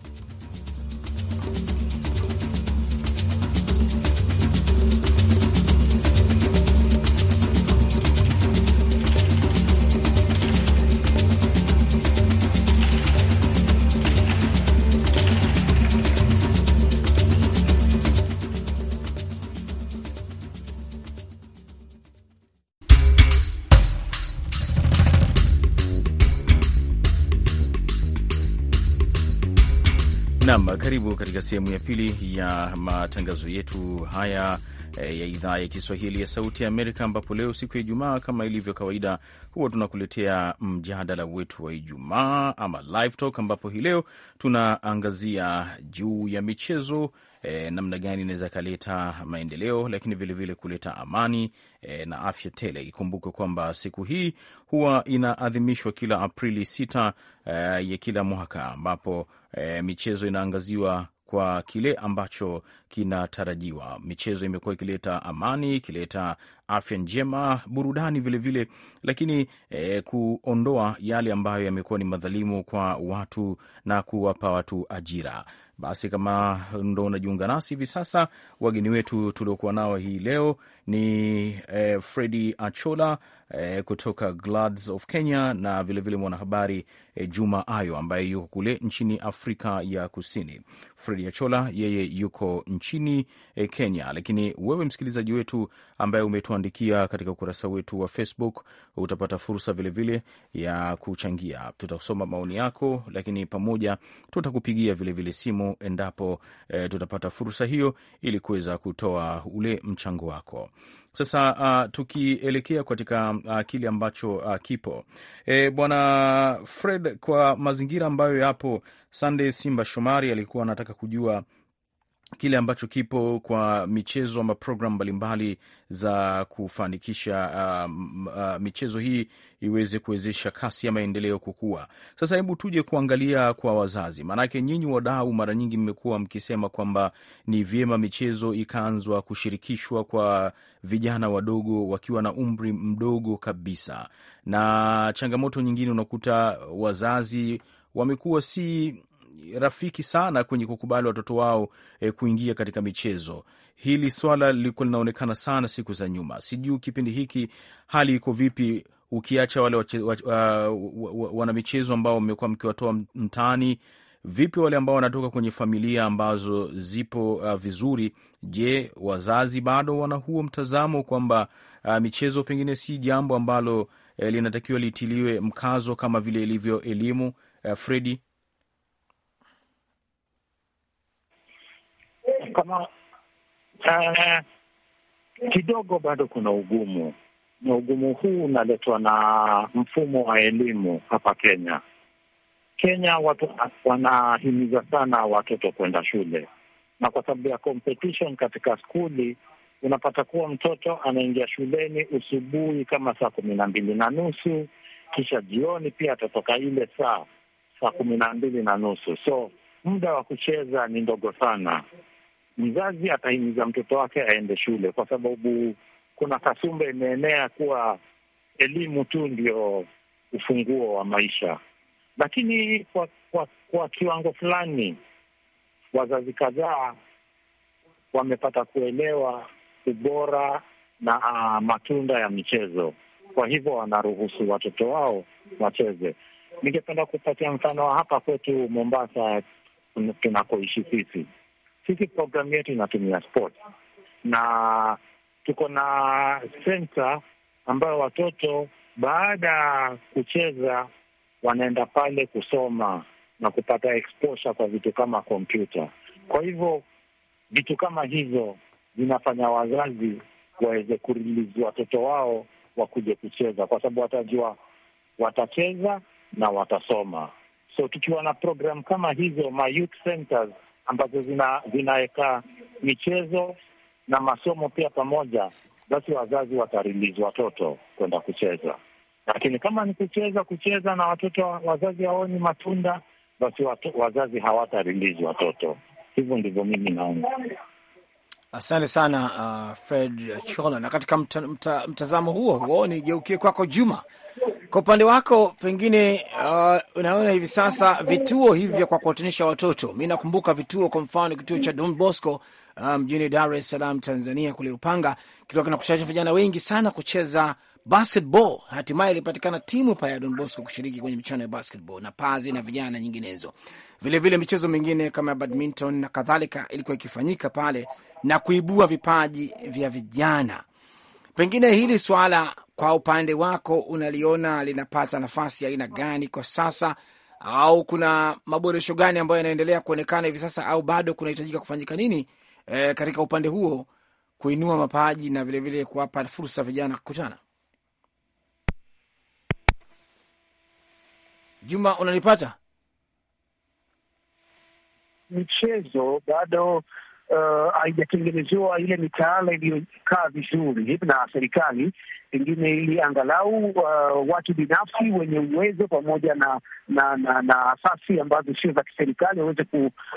Nam, karibu katika sehemu ya pili ya matangazo yetu haya eh, ya idhaa ya Kiswahili ya Sauti ya Amerika, ambapo leo siku ya Ijumaa kama ilivyo kawaida huwa tunakuletea mjadala wetu wa Ijumaa ama live talk, ambapo hii leo tunaangazia juu ya michezo e, namna gani inaweza ikaleta maendeleo, lakini vilevile vile kuleta amani e, na afya tele. Ikumbuke kwamba siku hii huwa inaadhimishwa kila Aprili sita e, ya kila mwaka ambapo e, michezo inaangaziwa kwa kile ambacho kinatarajiwa. Michezo imekuwa ikileta amani, ikileta afya njema, burudani vilevile vile, lakini e, kuondoa yale ambayo yamekuwa ni madhalimu kwa watu na kuwapa watu ajira. Basi kama ndo unajiunga nasi hivi sasa, wageni wetu tuliokuwa nao hii leo ni eh, Fredi Achola eh, kutoka Glads of Kenya na vilevile mwanahabari eh, Juma Ayo ambaye yuko kule nchini Afrika ya Kusini. Fredi Achola yeye yuko nchini eh, Kenya, lakini wewe msikilizaji wetu ambaye umetuandikia katika ukurasa wetu wa Facebook utapata fursa vilevile vile ya kuchangia. Tutasoma maoni yako, lakini pamoja tutakupigia vilevile simu endapo eh, tutapata fursa hiyo ili kuweza kutoa ule mchango wako. Sasa uh, tukielekea katika uh, kile ambacho uh, kipo e, bwana Fred, kwa mazingira ambayo yapo, Sunday Simba Shomari alikuwa anataka kujua kile ambacho kipo kwa michezo ama programu mbalimbali za kufanikisha uh, uh, michezo hii iweze kuwezesha kasi ya maendeleo kukua. Sasa hebu tuje kuangalia kwa wazazi, maanake nyinyi wadau, mara nyingi mmekuwa mkisema kwamba ni vyema michezo ikaanzwa kushirikishwa kwa vijana wadogo wakiwa na umri mdogo kabisa, na changamoto nyingine unakuta wazazi wamekuwa si rafiki sana kwenye kukubali watoto wao e, kuingia katika michezo. Hili swala lilikuwa linaonekana sana siku za nyuma. Sijui kipindi hiki hali iko vipi, ukiacha wale wanamichezo ambao mmekuwa mkiwatoa mtaani Vipi wale ambao wanatoka kwenye familia ambazo zipo uh, vizuri? Je, wazazi bado wana huo mtazamo kwamba uh, michezo pengine si jambo ambalo uh, linatakiwa litiliwe mkazo kama vile ilivyo elimu? Uh, Fredi, kama uh, kidogo bado kuna ugumu, na ugumu huu unaletwa na mfumo wa elimu hapa Kenya. Kenya watu wanahimiza sana watoto kwenda shule, na kwa sababu ya competition katika skuli unapata kuwa mtoto anaingia shuleni usubuhi kama saa kumi na mbili na nusu kisha jioni pia atatoka ile saa saa kumi na mbili na nusu so muda wa kucheza ni ndogo sana mzazi atahimiza mtoto wake aende shule, kwa sababu kuna kasumba imeenea kuwa elimu tu ndio ufunguo wa maisha. Lakini kwa kwa, kwa kiwango fulani wazazi kadhaa wamepata kuelewa ubora na uh, matunda ya michezo, kwa hivyo wanaruhusu watoto wao wacheze. Ningependa kupatia mfano wa hapa kwetu Mombasa tunakoishi sisi. Sisi programu yetu inatumia sport na tuko na senta ambayo watoto baada ya kucheza wanaenda pale kusoma na kupata exposure kwa vitu kama kompyuta. Kwa hivyo vitu kama hivyo vinafanya wazazi waweze kurilizi watoto wao wakuje kucheza, kwa sababu watajua watacheza na watasoma. So tukiwa na programu kama hizo ma youth centers ambazo zinaweka michezo na masomo pia pamoja, basi wazazi watarilizi watoto kwenda kucheza. Lakini kama ni kucheza kucheza na watoto wazazi hawaoni matunda, basi watu, wazazi hawatarilizi watoto. Hivyo ndivyo mimi naona. Asante sana uh, Fred Chola. Na katika mta, mta, mtazamo huo huo, nigeukie kwako Juma. Kwa upande wako pengine, uh, unaona hivi sasa vituo hivi vya kuwakutanisha watoto, mi nakumbuka vituo, kwa mfano kituo cha Don Bosco uh, mjini um, Dar es Salaam Tanzania kule Upanga, kilikuwa kinakutanisha vijana wengi sana kucheza basketball. Hatimaye ilipatikana timu pale ya Don Bosco kushiriki kwenye michuano ya basketball na Pazi na vijana na nyinginezo. Vilevile michezo mingine kama ya badminton na kadhalika ilikuwa ikifanyika pale na kuibua vipaji vya vijana. Pengine hili swala kwa upande wako unaliona linapata nafasi ya aina gani kwa sasa, au kuna maboresho gani ambayo yanaendelea kuonekana hivi sasa, au bado kunahitajika kufanyika nini e, katika upande huo kuinua mapaji na vilevile kuwapa fursa vijana kukutana? Juma, unanipata? Mchezo bado Uh, haijatengenezewa uh, ile mitaala iliyokaa vizuri na serikali pengine, ili angalau uh, watu binafsi wenye uwezo pamoja na na, na, na asasi ambazo sio za kiserikali waweze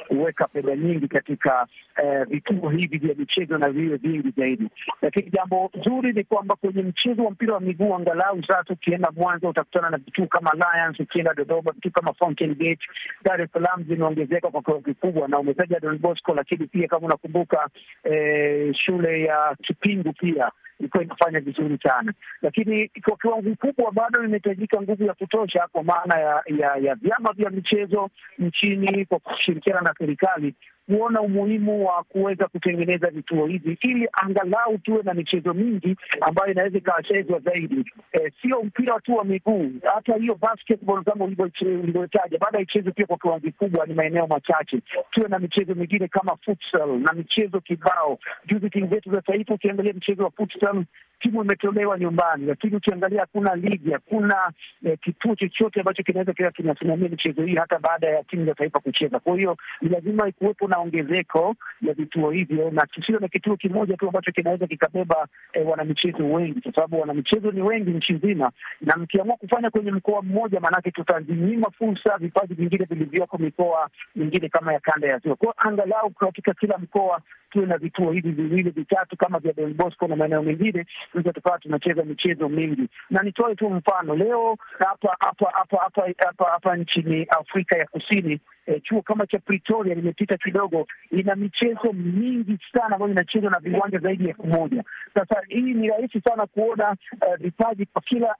kuweka fedha nyingi katika uh, vituo hivi vya michezo na viwe vingi zaidi. Lakini jambo zuri ni kwamba kwenye mchezo wa mpira wa miguu angalau sasa, ukienda Mwanza utakutana na vituo kama Lions, ukienda Dodoma vituo kama Fountain Gate. Dar es Salaam zimeongezeka kwa kiwango kikubwa, na umetaja Don Bosco, lakini pia kama unakumbuka eh, shule ya Kipingu pia ilikuwa inafanya vizuri sana, lakini kwa kiwango kikubwa bado imehitajika nguvu ya kutosha, kwa maana ya, ya, ya vyama vya michezo nchini kwa kushirikiana na serikali kuona umuhimu wa kuweza kutengeneza vituo hivi ili angalau tuwe na michezo mingi ambayo inaweza ikawachezwa zaidi, e, sio mpira tu wa miguu. Hata hiyo basketball kama ulivyotaja, baada pia kwa kiwango kikubwa, ni maeneo machache. Tuwe na michezo mingine kama futsal na michezo kibao. Juzi timu zetu za taifa, ukiangalia mchezo wa futsal timu imetolewa nyumbani, lakini ukiangalia hakuna ligi, hakuna eh, kituo chochote ambacho kinaweza kinasimamia michezo hii hata baada ya timu za taifa kucheza. Kwa hiyo ni lazima ikuwepo na ongezeko ya vituo hivyo, na kisiwe na kituo kimoja tu ambacho kinaweza kikabeba e, wanamichezo wengi, kwa sababu wanamichezo ni wengi nchi nzima, na mkiamua kufanya kwenye mkoa mmoja, maanake tutazinyima fursa vipaji vingine vilivyoko mikoa mingine kama ya kanda ya Ziwa. Kwao angalau katika kila mkoa tuwe na vituo hivi viwili vitatu kama vya Don Bosco na maeneo mengine, tuweza tukawa tunacheza michezo mingi. Na nitoe tu mfano leo hapa hapa hapa hapa hapa nchini Afrika ya Kusini eh, chuo kama cha Pretoria limepita kidogo, ina michezo mingi sana ambayo inachezwa na viwanja zaidi ya elfu moja. Sasa hii ni rahisi sana kuona eh, vipaji uh, kwa kila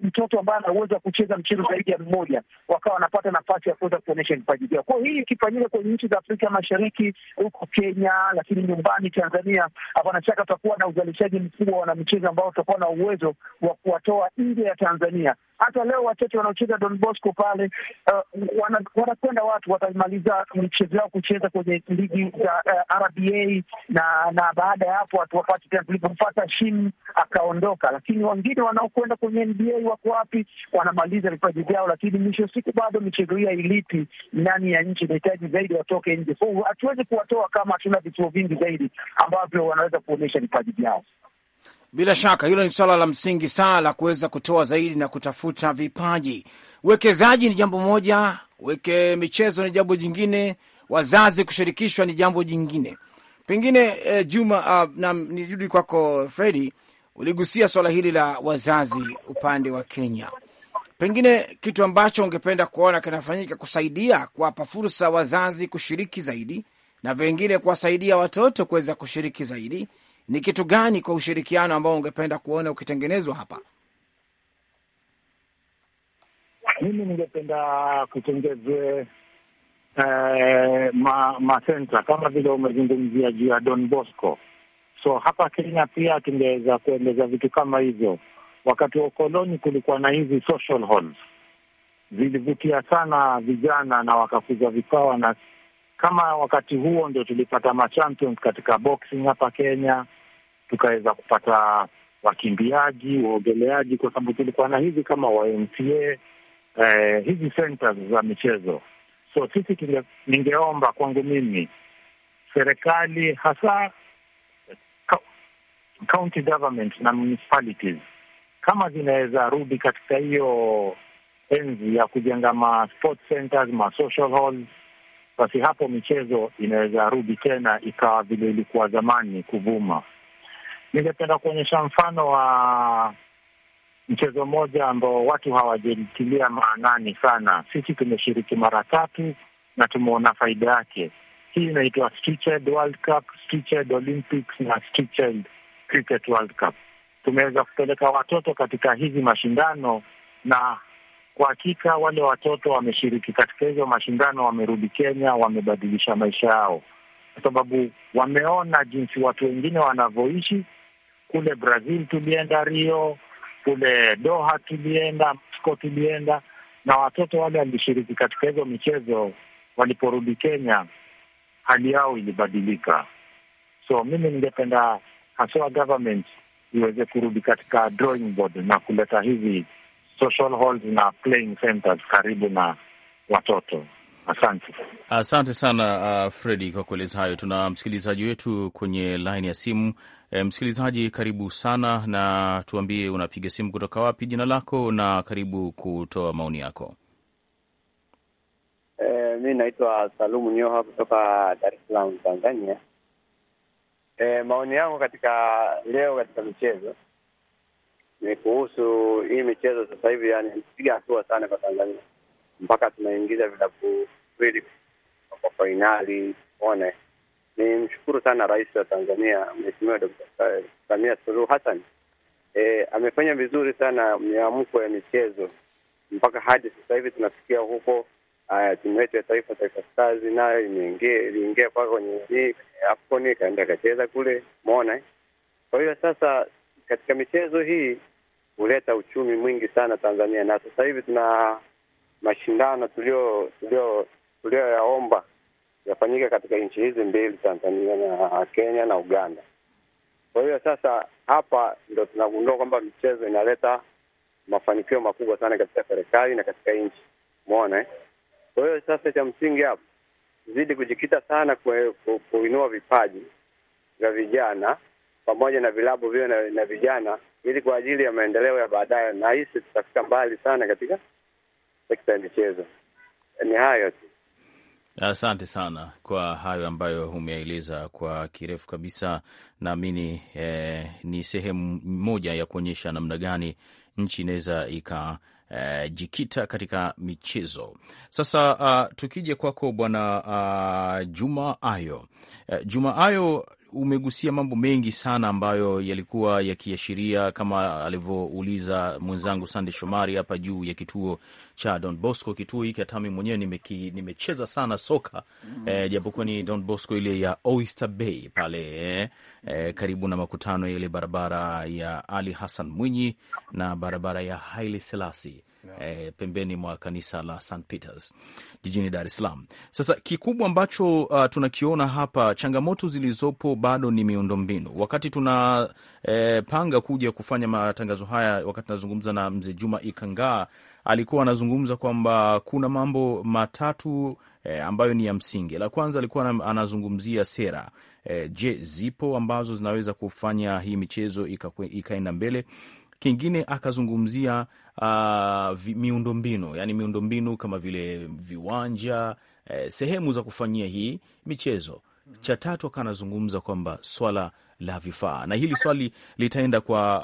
mtoto ambaye ana uwezo wa kucheza mchezo zaidi ya mmoja, wakawa wanapata nafasi ya kuweza kuonyesha vipaji vyao. Kwa hiyo hii ikifanyika kwenye nchi za Afrika Mashariki, huko Kenya, lakini nyumbani Tanzania, hapana shaka tutakuwa na uzalishaji mkubwa wa wanamichezo ambao tutakuwa na uwezo wa kuwatoa nje ya Tanzania hata leo wachache wanaocheza Don Bosco pale uh, wanakwenda watu watamaliza michezo yao kucheza kwenye ligi za uh, RBA na na baada ya hapo watu wapate tena, tulipompata Shin akaondoka, lakini wengine wanaokwenda kwenye NBA wako wapi? Wanamaliza vipaji vyao, lakini mwisho siku bado michezo hii hailipi ndani ya nchi, inahitaji zaidi watoke nje. So hatuwezi kuwatoa kama hatuna vituo vingi zaidi ambavyo wanaweza kuonyesha vipaji vyao. Bila shaka hilo ni swala la msingi sana la kuweza kutoa zaidi na kutafuta vipaji. Uwekezaji ni jambo moja, weke michezo ni jambo jingine, wazazi kushirikishwa ni jambo jingine. Pengine eh, Juma uh, ah, na nirudi kwako Fredi, uligusia swala hili la wazazi upande wa Kenya, pengine kitu ambacho ungependa kuona kinafanyika kusaidia kuwapa fursa wazazi kushiriki zaidi na vengine kuwasaidia watoto kuweza kushiriki zaidi ni kitu gani kwa ushirikiano ambao ungependa kuona ukitengenezwa hapa? Mimi ningependa kutengezwe eh, masenta kama vile umezungumzia juu ya Don Bosco. So hapa Kenya pia tungeweza kuendeza vitu kama hivyo. Wakati wa ukoloni kulikuwa na hizi social halls zilivutia sana vijana na wakakuza vipawa, na kama wakati huo ndio tulipata machampions katika boxing hapa Kenya, tukaweza kupata wakimbiaji, waogeleaji, kwa sababu tulikuwa na hizi kama wamca eh, hizi centers za michezo. So sisi ningeomba kwangu mimi serikali hasa county government na municipalities kama zinaweza rudi katika hiyo enzi ya kujenga ma centers, ma social halls, basi hapo michezo inaweza rudi tena ikawa vile ilikuwa zamani kuvuma. Ningependa kuonyesha mfano wa mchezo mmoja ambao watu hawajaitilia maanani sana. Sisi tumeshiriki mara tatu na tumeona faida yake. Hii inaitwa Stitched World Cup, Stitched Olympics na Stitched Cricket World Cup. Tumeweza kupeleka watoto katika hizi mashindano na kwa hakika wale watoto wameshiriki katika hizo mashindano, wamerudi Kenya, wamebadilisha maisha yao, kwa sababu wameona jinsi watu wengine wanavyoishi kule Brazil tulienda Rio, kule Doha tulienda, Moscow tulienda, na watoto wale walishiriki katika hizo michezo. Waliporudi Kenya, hali yao ilibadilika. So mimi ningependa haswa government iweze kurudi katika drawing board na kuleta hizi social halls na playing centers karibu na watoto. Asante, asante sana uh, Fredi kwa kueleza hayo. Tuna msikilizaji wetu kwenye laini ya simu E, msikilizaji karibu sana, na tuambie unapiga simu kutoka wapi, jina lako na karibu kutoa maoni yako. E, mi naitwa Salumu Nyoha kutoka Dar es Salaam, Tanzania. E, maoni yangu katika leo katika michezo ni kuhusu hii michezo sasa hivi, yani mpiga hatua sana kwa Tanzania mpaka tunaingiza vilabu vili kwa fainali one ni mshukuru sana Rais wa Tanzania Mheshimiwa Dr. Samia Suluhu Hassan. E, amefanya vizuri sana miamko ya michezo mpaka hadi sasa hivi tunafikia huko. Uh, timu yetu ya taifa Taifa Stars nayo iliingia paka kwenye hii AFCON ikaenda ikacheza kule mona. Eh? Kwa hiyo sasa, katika michezo hii huleta uchumi mwingi sana Tanzania, na sasa hivi tuna mashindano tulio tulio yafanyike katika nchi hizi mbili, Tanzania na Kenya na Uganda. Kwa hiyo sasa hapa ndo tunagundua kwamba michezo inaleta mafanikio makubwa sana katika serikali na katika nchi, umeona eh? Kwa hiyo sasa cha msingi hapo zidi kujikita sana kuinua vipaji vya vijana pamoja na vilabu vio na, na vijana ili kwa ajili ya maendeleo ya baadaye, na hisi tutafika mbali sana katika sekta ya michezo. Ni hayo tu. Asante sana kwa hayo ambayo umeeleza kwa kirefu kabisa. Naamini eh, ni sehemu moja ya kuonyesha namna gani nchi inaweza ikajikita eh, katika michezo. Sasa uh, tukije kwako bwana uh, Juma Ayo. Uh, Juma Ayo, umegusia mambo mengi sana ambayo yalikuwa yakiashiria kama alivyouliza mwenzangu Sande Shomari hapa juu ya kituo cha Don Bosco. Kituo hiki hata mimi mwenyewe nimecheza nime sana soka mm -hmm. japokuwa ni Don Bosco ile ya Oyster Bay pale eh, eh, karibu na makutano ya ile barabara ya Ali Hassan Mwinyi na barabara ya Haile Selassie eh, pembeni mwa kanisa la St Peters jijini Dar es Salaam. Sasa kikubwa ambacho uh, tunakiona hapa, changamoto zilizopo bado ni miundombinu. Wakati tunapanga eh, kuja kufanya matangazo haya, wakati nazungumza na mzee Juma Ikangaa alikuwa anazungumza kwamba kuna mambo matatu e, ambayo ni ya msingi. La kwanza alikuwa anazungumzia sera e, je, zipo ambazo zinaweza kufanya hii michezo ikaenda mbele? Kingine akazungumzia uh, miundombinu, yani miundombinu kama vile viwanja, eh, sehemu za kufanyia hii michezo. Cha tatu akanazungumza kwamba swala la vifaa, na hili swali litaenda kwa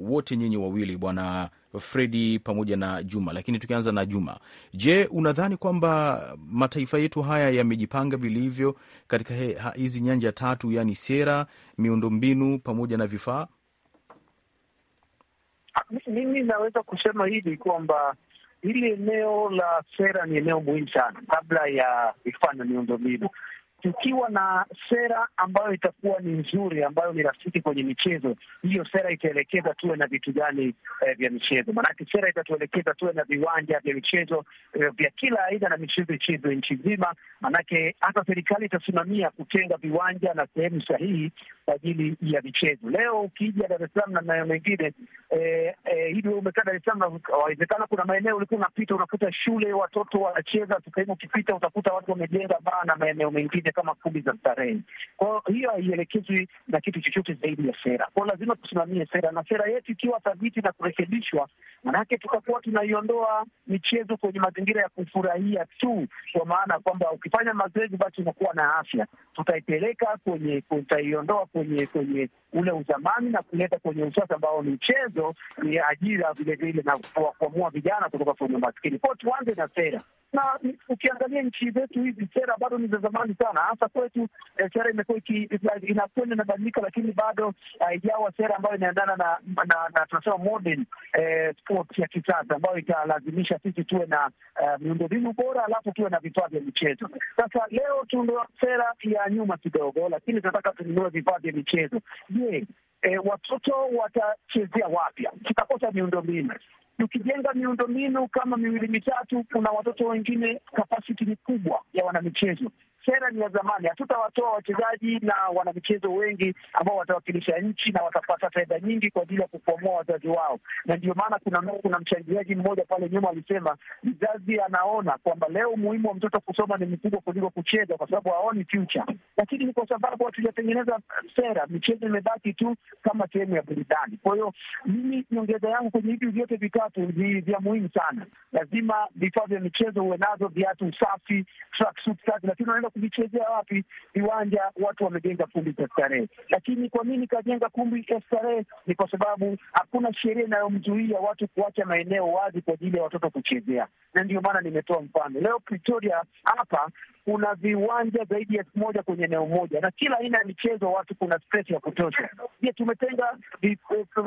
uh, wote nyinyi wawili, bwana Fredi pamoja na Juma, lakini tukianza na Juma, je, unadhani kwamba mataifa yetu haya yamejipanga vilivyo katika hizi nyanja tatu, yani sera, miundombinu pamoja na vifaa? Mimi naweza kusema hivi kwamba hili eneo la sera ni eneo muhimu sana, kabla ya vifaa na miundombinu. Tukiwa na sera ambayo itakuwa ni nzuri, ambayo ni rafiki kwenye michezo, hiyo sera itaelekeza tuwe na vitu gani eh, vya michezo. Maanake sera itatuelekeza tuwe na viwanja vya michezo eh, vya kila aina na michezo ichezwe nchi nzima. Maanake hata serikali itasimamia kutenga viwanja na sehemu sahihi kwa ajili ya michezo. Leo ukija Dar es Salaam na maeneo mengine eh, eh, hivi umekaa Dar es Salaam, wawezekana kuna maeneo ulikuwa unapita unakuta shule watoto wanacheza, sasa ukipita utakuta watu wamejenga baa na maeneo mengine kama kumbi za starehe. Kwao hiyo haielekezwi na kitu chochote zaidi ya sera. Kwao lazima tusimamie sera, na sera yetu ikiwa thabiti na kurekebishwa, manake tutakuwa tunaiondoa michezo kwenye mazingira ya kufurahia tu, kwa maana kwamba ukifanya mazoezi basi unakuwa na afya. Tutaipeleka kwenye, tutaiondoa kwenye kwenye ule uzamani na kuleta kwenye usasa ambao ni mchezo, ni ajira vilevile, na kuwakwamua vijana kutoka kwenye umaskini. Kwao tuanze na sera na ukiangalia nchi zetu hizi sera bado ni za zamani sana, hasa kwetu eh, sera imekuwa inakwenda inabadilika, lakini bado eh, haijawa sera ambayo inaendana na na tunasema modern eh, sport ya kisasa ambayo italazimisha sisi tuwe na miundombinu bora, alafu tuwe na vifaa vya michezo. Sasa leo tundoa sera ya nyuma kidogo, lakini tunataka tununue vifaa vya michezo. Je, watoto watachezea wapya Tutakosa miundombinu tukijenga miundombinu kama miwili mitatu, kuna watoto wengine kapasiti ni kubwa ya wanamichezo sera ni ya zamani. Hatutawatoa wachezaji na wanamichezo wengi ambao watawakilisha nchi na watapata fedha nyingi kwa ajili ya kukwamua wazazi wao, na ndio maana kuna kuna mchangiaji mmoja pale nyuma alisema mzazi anaona kwamba leo umuhimu wa mtoto kusoma ni mkubwa kuliko kucheza, kwa sababu haoni future, lakini ni kwa sababu hatujatengeneza sera. Michezo imebaki tu kama sehemu ya burudani. Kwa hiyo mimi nyongeza yangu kwenye hivi vyote vitatu ni vya muhimu sana. Lazima vifaa vya michezo huwe navyo, viatu usafi, tracksuit lakini unaenda kuvichezea wapi? Viwanja watu wamejenga kumbi za starehe, lakini kwa nini kajenga kumbi ya starehe? Ni kwa sababu hakuna sheria inayomzuia watu kuacha maeneo wazi kwa ajili ya watoto kuchezea, na ndio maana nimetoa mfano leo Pretoria hapa kuna viwanja zaidi ya elfu moja kwenye eneo moja, na kila aina ya michezo watu, kuna space ya kutosha. Je, tumetenga eh,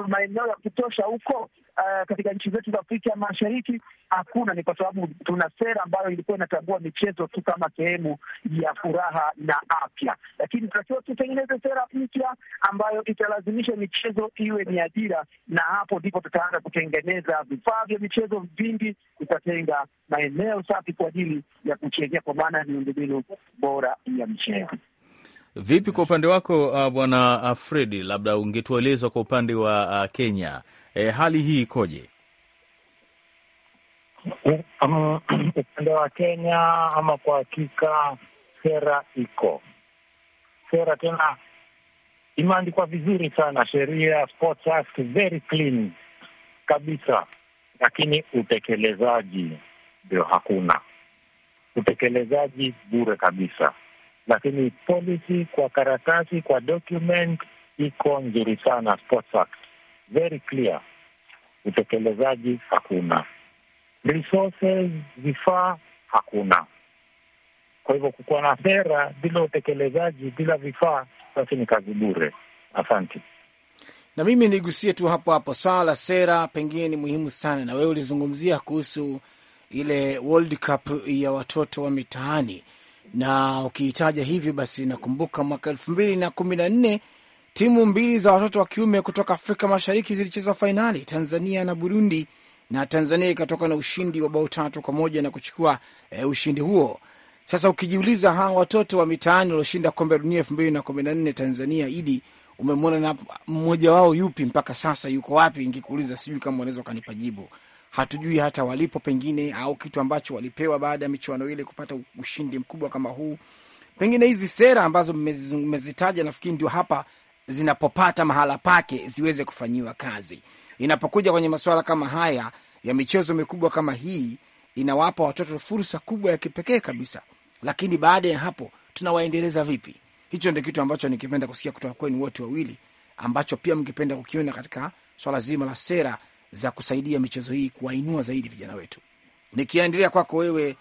maeneo ya kutosha huko? Uh, katika nchi zetu za Afrika Mashariki hakuna. Ni kwa sababu tuna sera ambayo ilikuwa inatambua michezo tu kama sehemu ya furaha na afya, lakini tunatakiwa tutengeneze sera mpya ambayo italazimisha michezo iwe ni ajira, na hapo ndipo tutaanza kutengeneza vifaa vya michezo vingi, tutatenga maeneo safi kwa ajili ya kuchezea, kwa maana ya miundombinu bora ya michezo. Vipi kwa upande wako, uh, bwana uh, Fredi, labda ungetuelezwa kwa upande wa uh, Kenya, e, hali hii ikoje? Eh, um, upande wa Kenya ama kwa hakika sera iko, sera tena imeandikwa vizuri sana, sheria Sports Act very clean kabisa, lakini utekelezaji ndio hakuna, utekelezaji bure kabisa. Lakini policy kwa karatasi, kwa document iko nzuri sana, Sports Act very clear, utekelezaji hakuna, resources vifaa hakuna kwa hivyo kukuwa na sera bila utekelezaji, bila vifaa, basi ni kazi bure. Asante. Na mimi nigusie tu hapo hapo swala la sera, pengine ni muhimu sana, na wewe ulizungumzia kuhusu ile World Cup ya watoto wa mitaani, na ukiitaja hivi basi nakumbuka mwaka elfu mbili na kumi na nne timu mbili za watoto wa kiume kutoka Afrika Mashariki zilicheza fainali, Tanzania na Burundi, na Tanzania ikatoka na ushindi wa bao tatu kwa moja na kuchukua eh, ushindi huo sasa ukijiuliza hawa watoto wa mitaani walioshinda kombe la dunia elfu mbili na kumi na nne Tanzania, Idi, umemwona na mmoja wao yupi mpaka sasa, yuko wapi? Ngikuuliza, sijui kama unaweza ukanipa jibu. Hatujui hata walipo, pengine au kitu ambacho walipewa baada ya michuano ile kupata ushindi mkubwa kama huu. Pengine hizi sera ambazo mmezitaja, nafikiri ndio hapa zinapopata mahala pake ziweze kufanyiwa kazi. Inapokuja kwenye masuala kama haya ya michezo mikubwa kama hii, inawapa watoto fursa kubwa ya kipekee kabisa lakini baada ya hapo tunawaendeleza vipi? Hicho ndio kitu ambacho nikipenda kusikia kutoka kwenu wote wawili, ambacho pia mngependa kukiona katika swala zima la sera za kusaidia michezo hii kuwainua zaidi vijana wetu. Nikiendelea kwako wewe,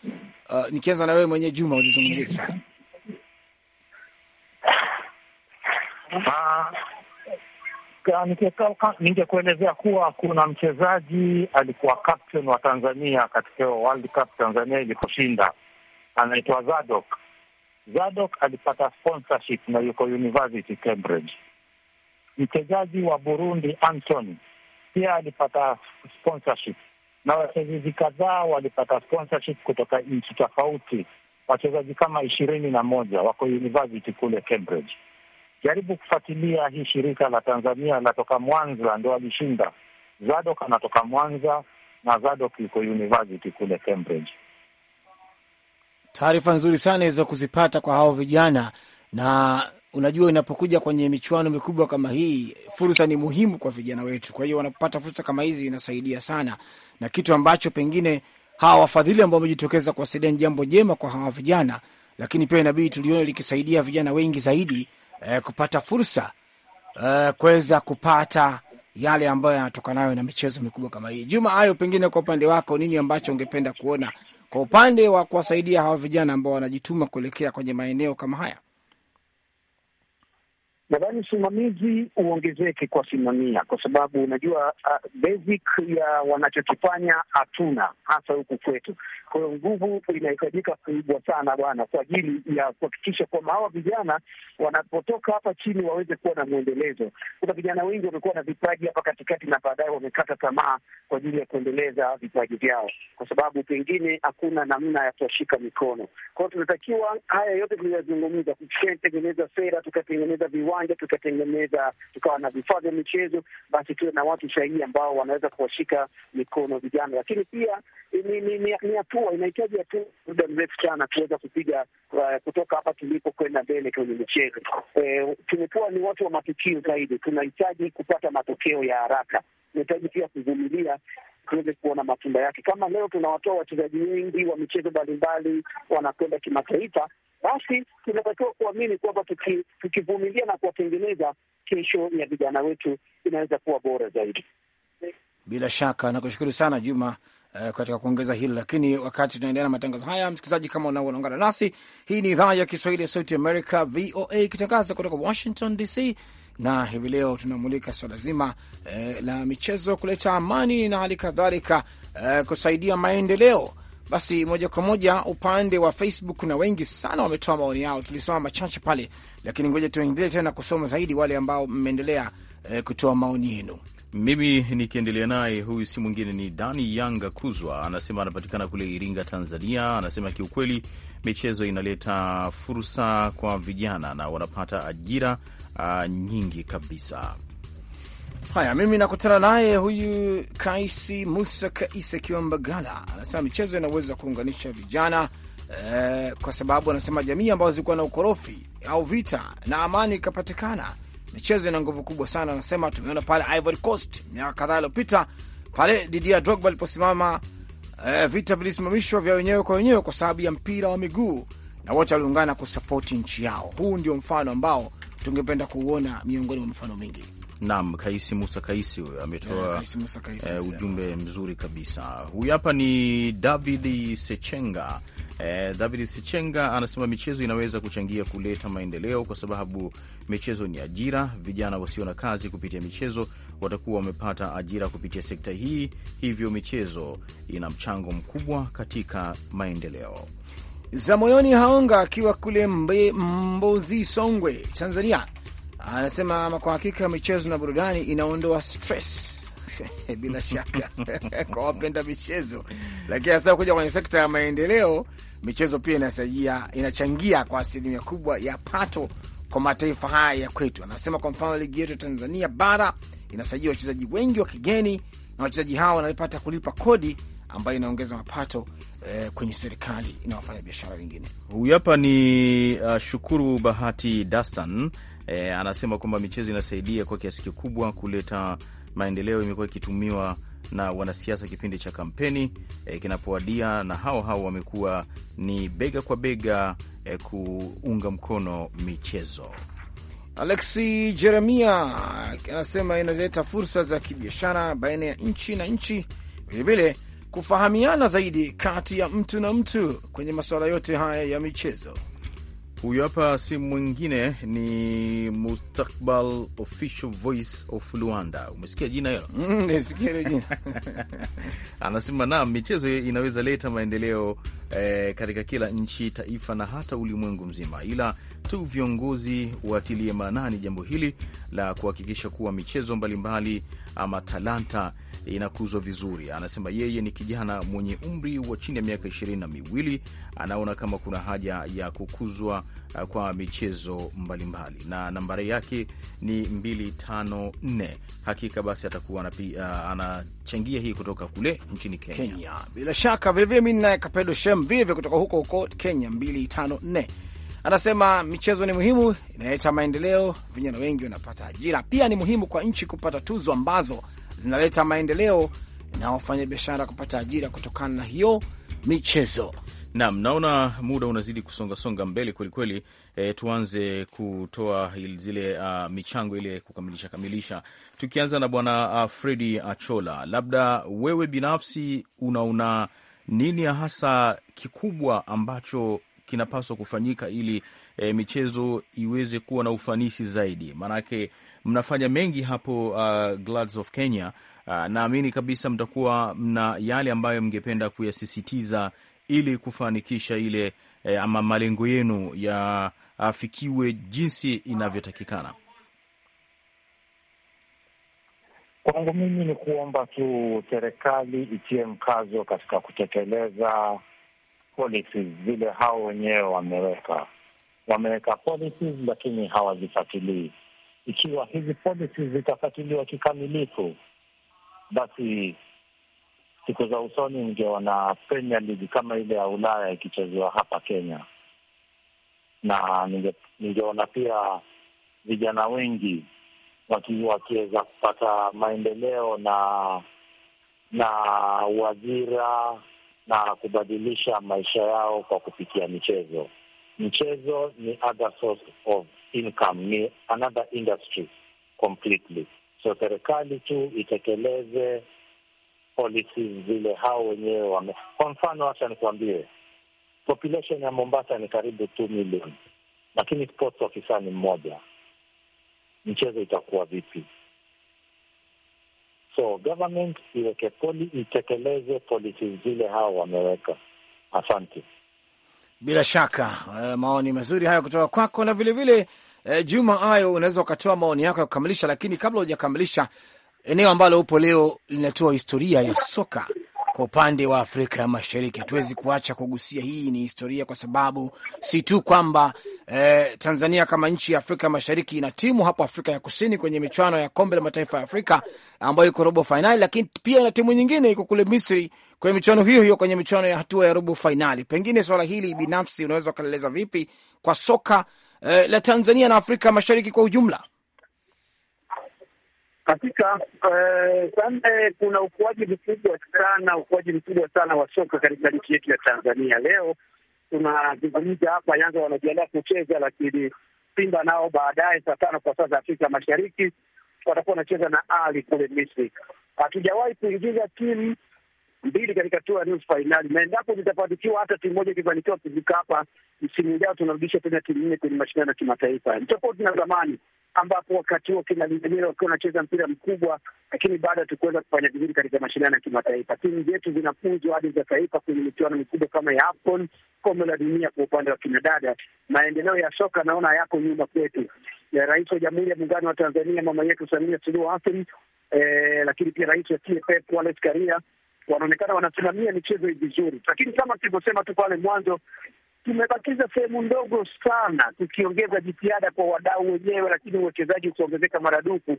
uh, nikianza na wewe mwenye Juma, ulizungumzia swala ah, ningekuelezea kuwa kuna mchezaji alikuwa captain wa Tanzania katika World Cup Tanzania iliposhinda anaitwa Zadok. Zadok alipata sponsorship na yuko University Cambridge. Mchezaji wa Burundi Anthony pia alipata sponsorship na wachezaji kadhaa walipata sponsorship kutoka nchi tofauti. Wachezaji kama ishirini na moja wako university kule Cambridge. Jaribu kufuatilia hii shirika la Tanzania latoka Mwanza, ndo alishinda. Zadok anatoka Mwanza na Zadok yuko university kule Cambridge. Taarifa nzuri sana za kuzipata kwa hao vijana, na unajua inapokuja kwenye michuano mikubwa kama hii, fursa ni muhimu kwa vijana wetu. Kwa hiyo wanapata fursa kama hizi inasaidia sana, na kitu ambacho pengine hawa wafadhili ambao wamejitokeza kuwasaidia ni jambo jema kwa hawa vijana, lakini pia inabidi tulione likisaidia vijana wengi zaidi eh, kupata fursa eh, kuweza kupata yale ambayo yanatokanayo na michezo mikubwa kama hii. Juma, hayo pengine kwa upande wako, nini ambacho ungependa kuona kwa upande wa kuwasaidia hawa vijana ambao wanajituma kuelekea kwenye maeneo kama haya, Nadhani usimamizi uongezeke kwa simamia, kwa sababu unajua uh, basic ya wanachokifanya hatuna hasa huku kwetu. Kwa hiyo nguvu inahitajika kubwa sana bwana, kwa ajili ya kuhakikisha kwamba hawa vijana wanapotoka hapa chini waweze kuwa na mwendelezo. Kuna vijana wengi wamekuwa na vipaji hapa katikati na baadaye wamekata tamaa kwa ajili ya kuendeleza vipaji vyao, kwa sababu pengine hakuna namna ya kuwashika mikono. Kwa hiyo tunatakiwa haya yote tuliyazungumza, tukatengeneza sera, tukatengeneza viwanja uwanja, tukatengeneza tukawa na vifaa vya michezo, basi tuwe na watu sahihi ambao wanaweza kuwashika mikono vijana. Lakini pia ni hatua inahitaji hatua muda mrefu sana kuweza kupiga uh, kutoka hapa tulipo kwenda mbele kwenye michezo. E, tumekuwa ni watu wa matukio zaidi, tunahitaji kupata matokeo ya haraka, tunahitaji pia kuvumilia tuweze kuona matunda yake. Kama leo tunawatoa wachezaji wengi wa michezo mbalimbali wanakwenda kimataifa, basi tunatakiwa kuamini kwamba tukivumilia na kuwatengeneza, kesho ya vijana wetu inaweza kuwa bora zaidi. Bila shaka nakushukuru sana Juma eh, katika kuongeza hili lakini, wakati tunaendelea na matangazo haya, msikilizaji, kama unaungana nasi, hii ni idhaa ya Kiswahili ya Sauti Amerika VOA ikitangaza kutoka Washington DC, na hivi leo tunamulika swala zima eh, la michezo kuleta amani na hali kadhalika eh, kusaidia maendeleo basi moja kwa moja upande wa Facebook, na wengi sana wametoa maoni yao, tulisoma machache pale, lakini ngoja tuendelee tena kusoma zaidi wale ambao mmeendelea eh, kutoa maoni yenu. Mimi nikiendelea naye, huyu si mwingine ni Dani Yanga Kuzwa, anasema anapatikana kule Iringa, Tanzania. Anasema kiukweli michezo inaleta fursa kwa vijana na wanapata ajira uh, nyingi kabisa. Haya, mimi nakutana naye huyu Kaisi Musa Kaisi akiwa Mbagala, anasema michezo inaweza kuunganisha vijana eh, kwa sababu anasema jamii ambazo zilikuwa na ukorofi au vita na amani ikapatikana. Michezo ina nguvu kubwa sana, anasema tumeona pale Ivory Coast miaka kadhaa iliyopita pale Didier Drogba aliposimama, eh, vita vilisimamishwa vya wenyewe kwa wenyewe kwa sababu ya mpira wa miguu na wote waliungana kusapoti nchi yao. Huu ndio mfano ambao tungependa kuuona miongoni mwa mifano mingi. Naam, Kaisi Musa Kaisi huyo ametoa eh, ujumbe mzuri kabisa. Huyu hapa ni David Sechenga. Eh, David Sechenga anasema michezo inaweza kuchangia kuleta maendeleo kwa sababu michezo ni ajira. Vijana wasio na kazi kupitia michezo watakuwa wamepata ajira kupitia sekta hii, hivyo michezo ina mchango mkubwa katika maendeleo. za moyoni Haonga akiwa kule Mbozi, Songwe, Tanzania anasema kwa hakika michezo na burudani inaondoa stress bila shaka kwa wapenda michezo, lakini hasa kuja kwenye sekta ya maendeleo, michezo pia inasajia, inachangia kwa asilimia kubwa ya pato kwa mataifa haya ya kwetu. Anasema kwa mfano ligi yetu Tanzania bara inasajia wachezaji wengi wa kigeni, na wachezaji hawa wanapata kulipa kodi ambayo inaongeza mapato eh, kwenye serikali na wafanya biashara wengine. Huyu hapa ni uh, Shukuru Bahati Dastan e, anasema kwamba michezo inasaidia kwa kiasi kikubwa kuleta maendeleo. Imekuwa ikitumiwa na wanasiasa kipindi cha kampeni e, kinapowadia, na hao hao wamekuwa ni bega kwa bega e, kuunga mkono michezo. Alexi Jeremia anasema inaleta fursa za kibiashara baina ya nchi na nchi, vilevile kufahamiana zaidi kati ya mtu na mtu kwenye masuala yote haya ya michezo. Huyu hapa si mwingine ni Mustakbal, official voice of Luanda. Umesikia jina hilo? Mm, anasema naam, michezo inaweza leta maendeleo eh, katika kila nchi, taifa na hata ulimwengu mzima, ila tu viongozi watilie maanani jambo hili la kuhakikisha kuwa michezo mbalimbali mbali, ama talanta inakuzwa vizuri. Anasema yeye ni kijana mwenye umri wa chini ya miaka ishirini na miwili, anaona kama kuna haja ya kukuzwa uh, kwa michezo mbalimbali mbali. Na nambari yake ni 254. Hakika basi atakuwa uh, anachangia hii kutoka kule nchini Kenya, Kenya. Bila shaka vilevile mi naye Kapedo Shem vilevile kutoka huko huko Kenya 254 anasema michezo ni muhimu, inaleta maendeleo, vijana wengi wanapata ajira. Pia ni muhimu kwa nchi kupata tuzo ambazo zinaleta maendeleo na wafanyabiashara kupata ajira kutokana na hiyo michezo. Naam, naona muda unazidi kusongasonga mbele kwelikweli. E, tuanze kutoa zile uh, michango ile kukamilisha kamilisha, tukianza na bwana uh, Fredi Achola, labda wewe binafsi unaona nini hasa kikubwa ambacho kinapaswa kufanyika ili e, michezo iweze kuwa na ufanisi zaidi? Maanake mnafanya mengi hapo uh, of Kenya. Uh, naamini kabisa mtakuwa mna yale ambayo mngependa kuyasisitiza ili kufanikisha ile e, ama malengo yenu yaafikiwe uh, jinsi inavyotakikana. Kwangu mimi ni kuomba tu serikali itie mkazo katika kutekeleza policies zile hao wenyewe wameweka. Wameweka policies lakini hawazifatilii. Ikiwa hizi policies zitafatiliwa kikamilifu, basi siku za usoni ningeona Premier League kama ile ya Ulaya ikichezewa hapa Kenya, na ningeona pia vijana wengi wakiweza kupata maendeleo na na uajira na kubadilisha maisha yao kwa kupitia michezo. mchezo ni other source of income, ni another industry completely. So serikali tu itekeleze policies zile hao wenyewe wame. Kwa mfano, acha nikuambie, population ya Mombasa ni karibu two million, lakini sports officer ni mmoja. Michezo itakuwa vipi? So government iweke poli, itekeleze polisi zile hao wameweka. Asante. Bila shaka eh, maoni mazuri hayo kutoka kwako, na vilevile vile, eh, Juma Ayo, unaweza ukatoa maoni yako ya kukamilisha, lakini kabla hujakamilisha, eneo ambalo upo leo linatoa historia ya soka kwa upande wa Afrika ya Mashariki. Hatuwezi kuacha kugusia, hii ni historia, kwa sababu si tu kwamba eh, Tanzania kama nchi ya Afrika Mashariki ina timu hapo Afrika ya Kusini kwenye michuano ya kombe la mataifa ya Afrika ambayo iko robo fainali, lakini pia ina timu nyingine iko kule Misri kwenye michuano hiyo hiyo, kwenye michuano ya hatua ya robo fainali. Pengine swala hili binafsi unaweza ukaeleza vipi kwa soka eh, la Tanzania na Afrika Mashariki kwa ujumla? Hakika eh, Sande, uh, kuna ukuaji mkubwa sana, ukuaji mkubwa sana wa soka katika nchi yetu ya Tanzania. Leo tunazungumza hapa, Yanga wanajiandaa kucheza, lakini Simba nao baadaye saa tano kwa saa za Afrika Mashariki watakuwa wanacheza na Ali kule Misri. Hatujawahi kuingiza timu mbili katika tua ya nusu fainali, na endapo zitafanikiwa hata timu moja ikifanikiwa kufika hapa msimu ujao, tunarudisha tena timu nne kwenye mashindano ya kimataifa, ni tofauti na zamani ambapo wakati huo kina Linganyero wakiwa wanacheza mpira mkubwa, lakini baada ya tukuweza kufanya vizuri katika mashindano ya kimataifa. Timu zetu zinafunzwa hadi za taifa kwenye michuano mikubwa kama ya AFCON, kombe la dunia kwa upande wa kinadada. Maendeleo ya soka naona yako nyuma kwetu. Ya Rais wa Jamhuri ya Muungano wa Tanzania mama yetu Samia Suluhu Hassan, eh, lakini pia rais wa TFF Wallace Karia wanaonekana wanasimamia michezo hii vizuri, lakini kama tulivyosema tu pale mwanzo, tumebakiza sehemu ndogo sana, tukiongeza jitihada kwa wadau wenyewe, lakini uwekezaji ukiongezeka maradufu,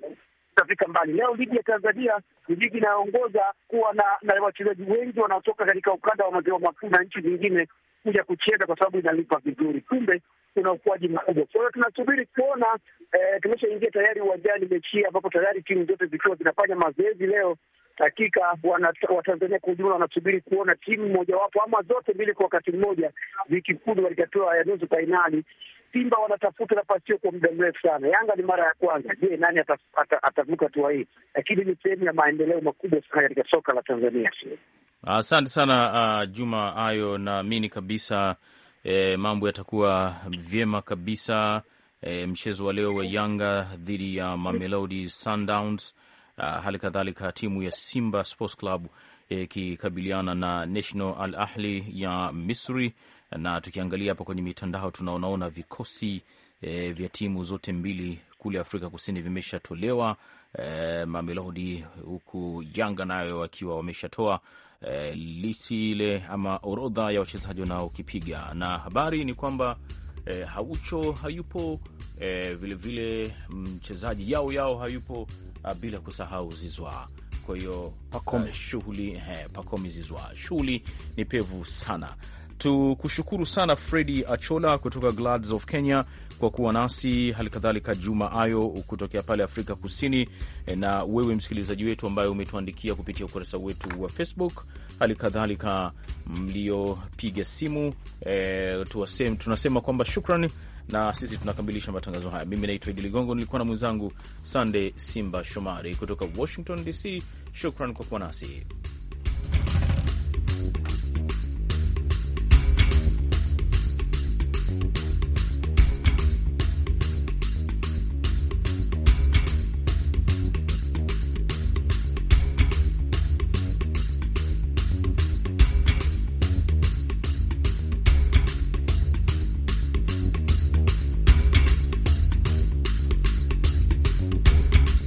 tutafika mbali. Leo ligi ya Tanzania ni ligi inayoongoza kuwa na, na wachezaji wengi wanaotoka katika ukanda wa maziwa makuu na nchi zingine kuja kucheza kwa sababu inalipa vizuri. Kumbe kuna ukuaji mkubwa, kwa hiyo tunasubiri kuona. Eh, tumeshaingia tayari uwanjani mechi hii ambapo tayari timu zote zikiwa zinafanya mazoezi leo Hakika Watanzania kwa ujumla wanasubiri kuona timu mojawapo ama zote mbili kwa wakati mmoja zikifuzu katika hatua ya nusu fainali. Simba wanatafuta nafasi hiyo kwa muda mrefu sana, Yanga ni mara ya kwanza. Je, nani atavuka hatua hii? Lakini ni sehemu ya maendeleo makubwa sana katika soka la Tanzania. Asante sana uh, Juma Ayo, naamini kabisa eh, mambo yatakuwa vyema kabisa eh, mchezo wa leo wa Yanga dhidi ya Mamelodi Sundowns Ah, hali kadhalika timu ya Simba Sports Club ikikabiliana e, na National Al Ahli ya Misri. Na tukiangalia hapa kwenye mitandao tunaonaona vikosi e, vya timu zote mbili kule Afrika Kusini vimeshatolewa e, Mamelodi huku Yanga nayo wakiwa wameshatoa e, eh, listi ile ama orodha ya wachezaji wanaokipiga, na habari ni kwamba Eh, Haucho hayupo vilevile, eh, vile mchezaji Yao Yao hayupo ah, bila kusahau Zizwa. Kwa hiyo Pakome, eh, shughuli Pakome Zizwa, shughuli ni pevu sana. Tukushukuru sana Fredi Achola kutoka Glads of Kenya kwa kuwa nasi, hali kadhalika Juma Ayo kutokea pale Afrika Kusini, e, na wewe msikilizaji wetu ambaye umetuandikia kupitia ukurasa wetu wa Facebook, hali kadhalika mliopiga simu e, tuwasem, tunasema kwamba shukran na sisi tunakamilisha matangazo haya. Mimi naitwa Idi Ligongo, nilikuwa na mwenzangu Sande Simba Shomari kutoka Washington DC. Shukran kwa kuwa nasi.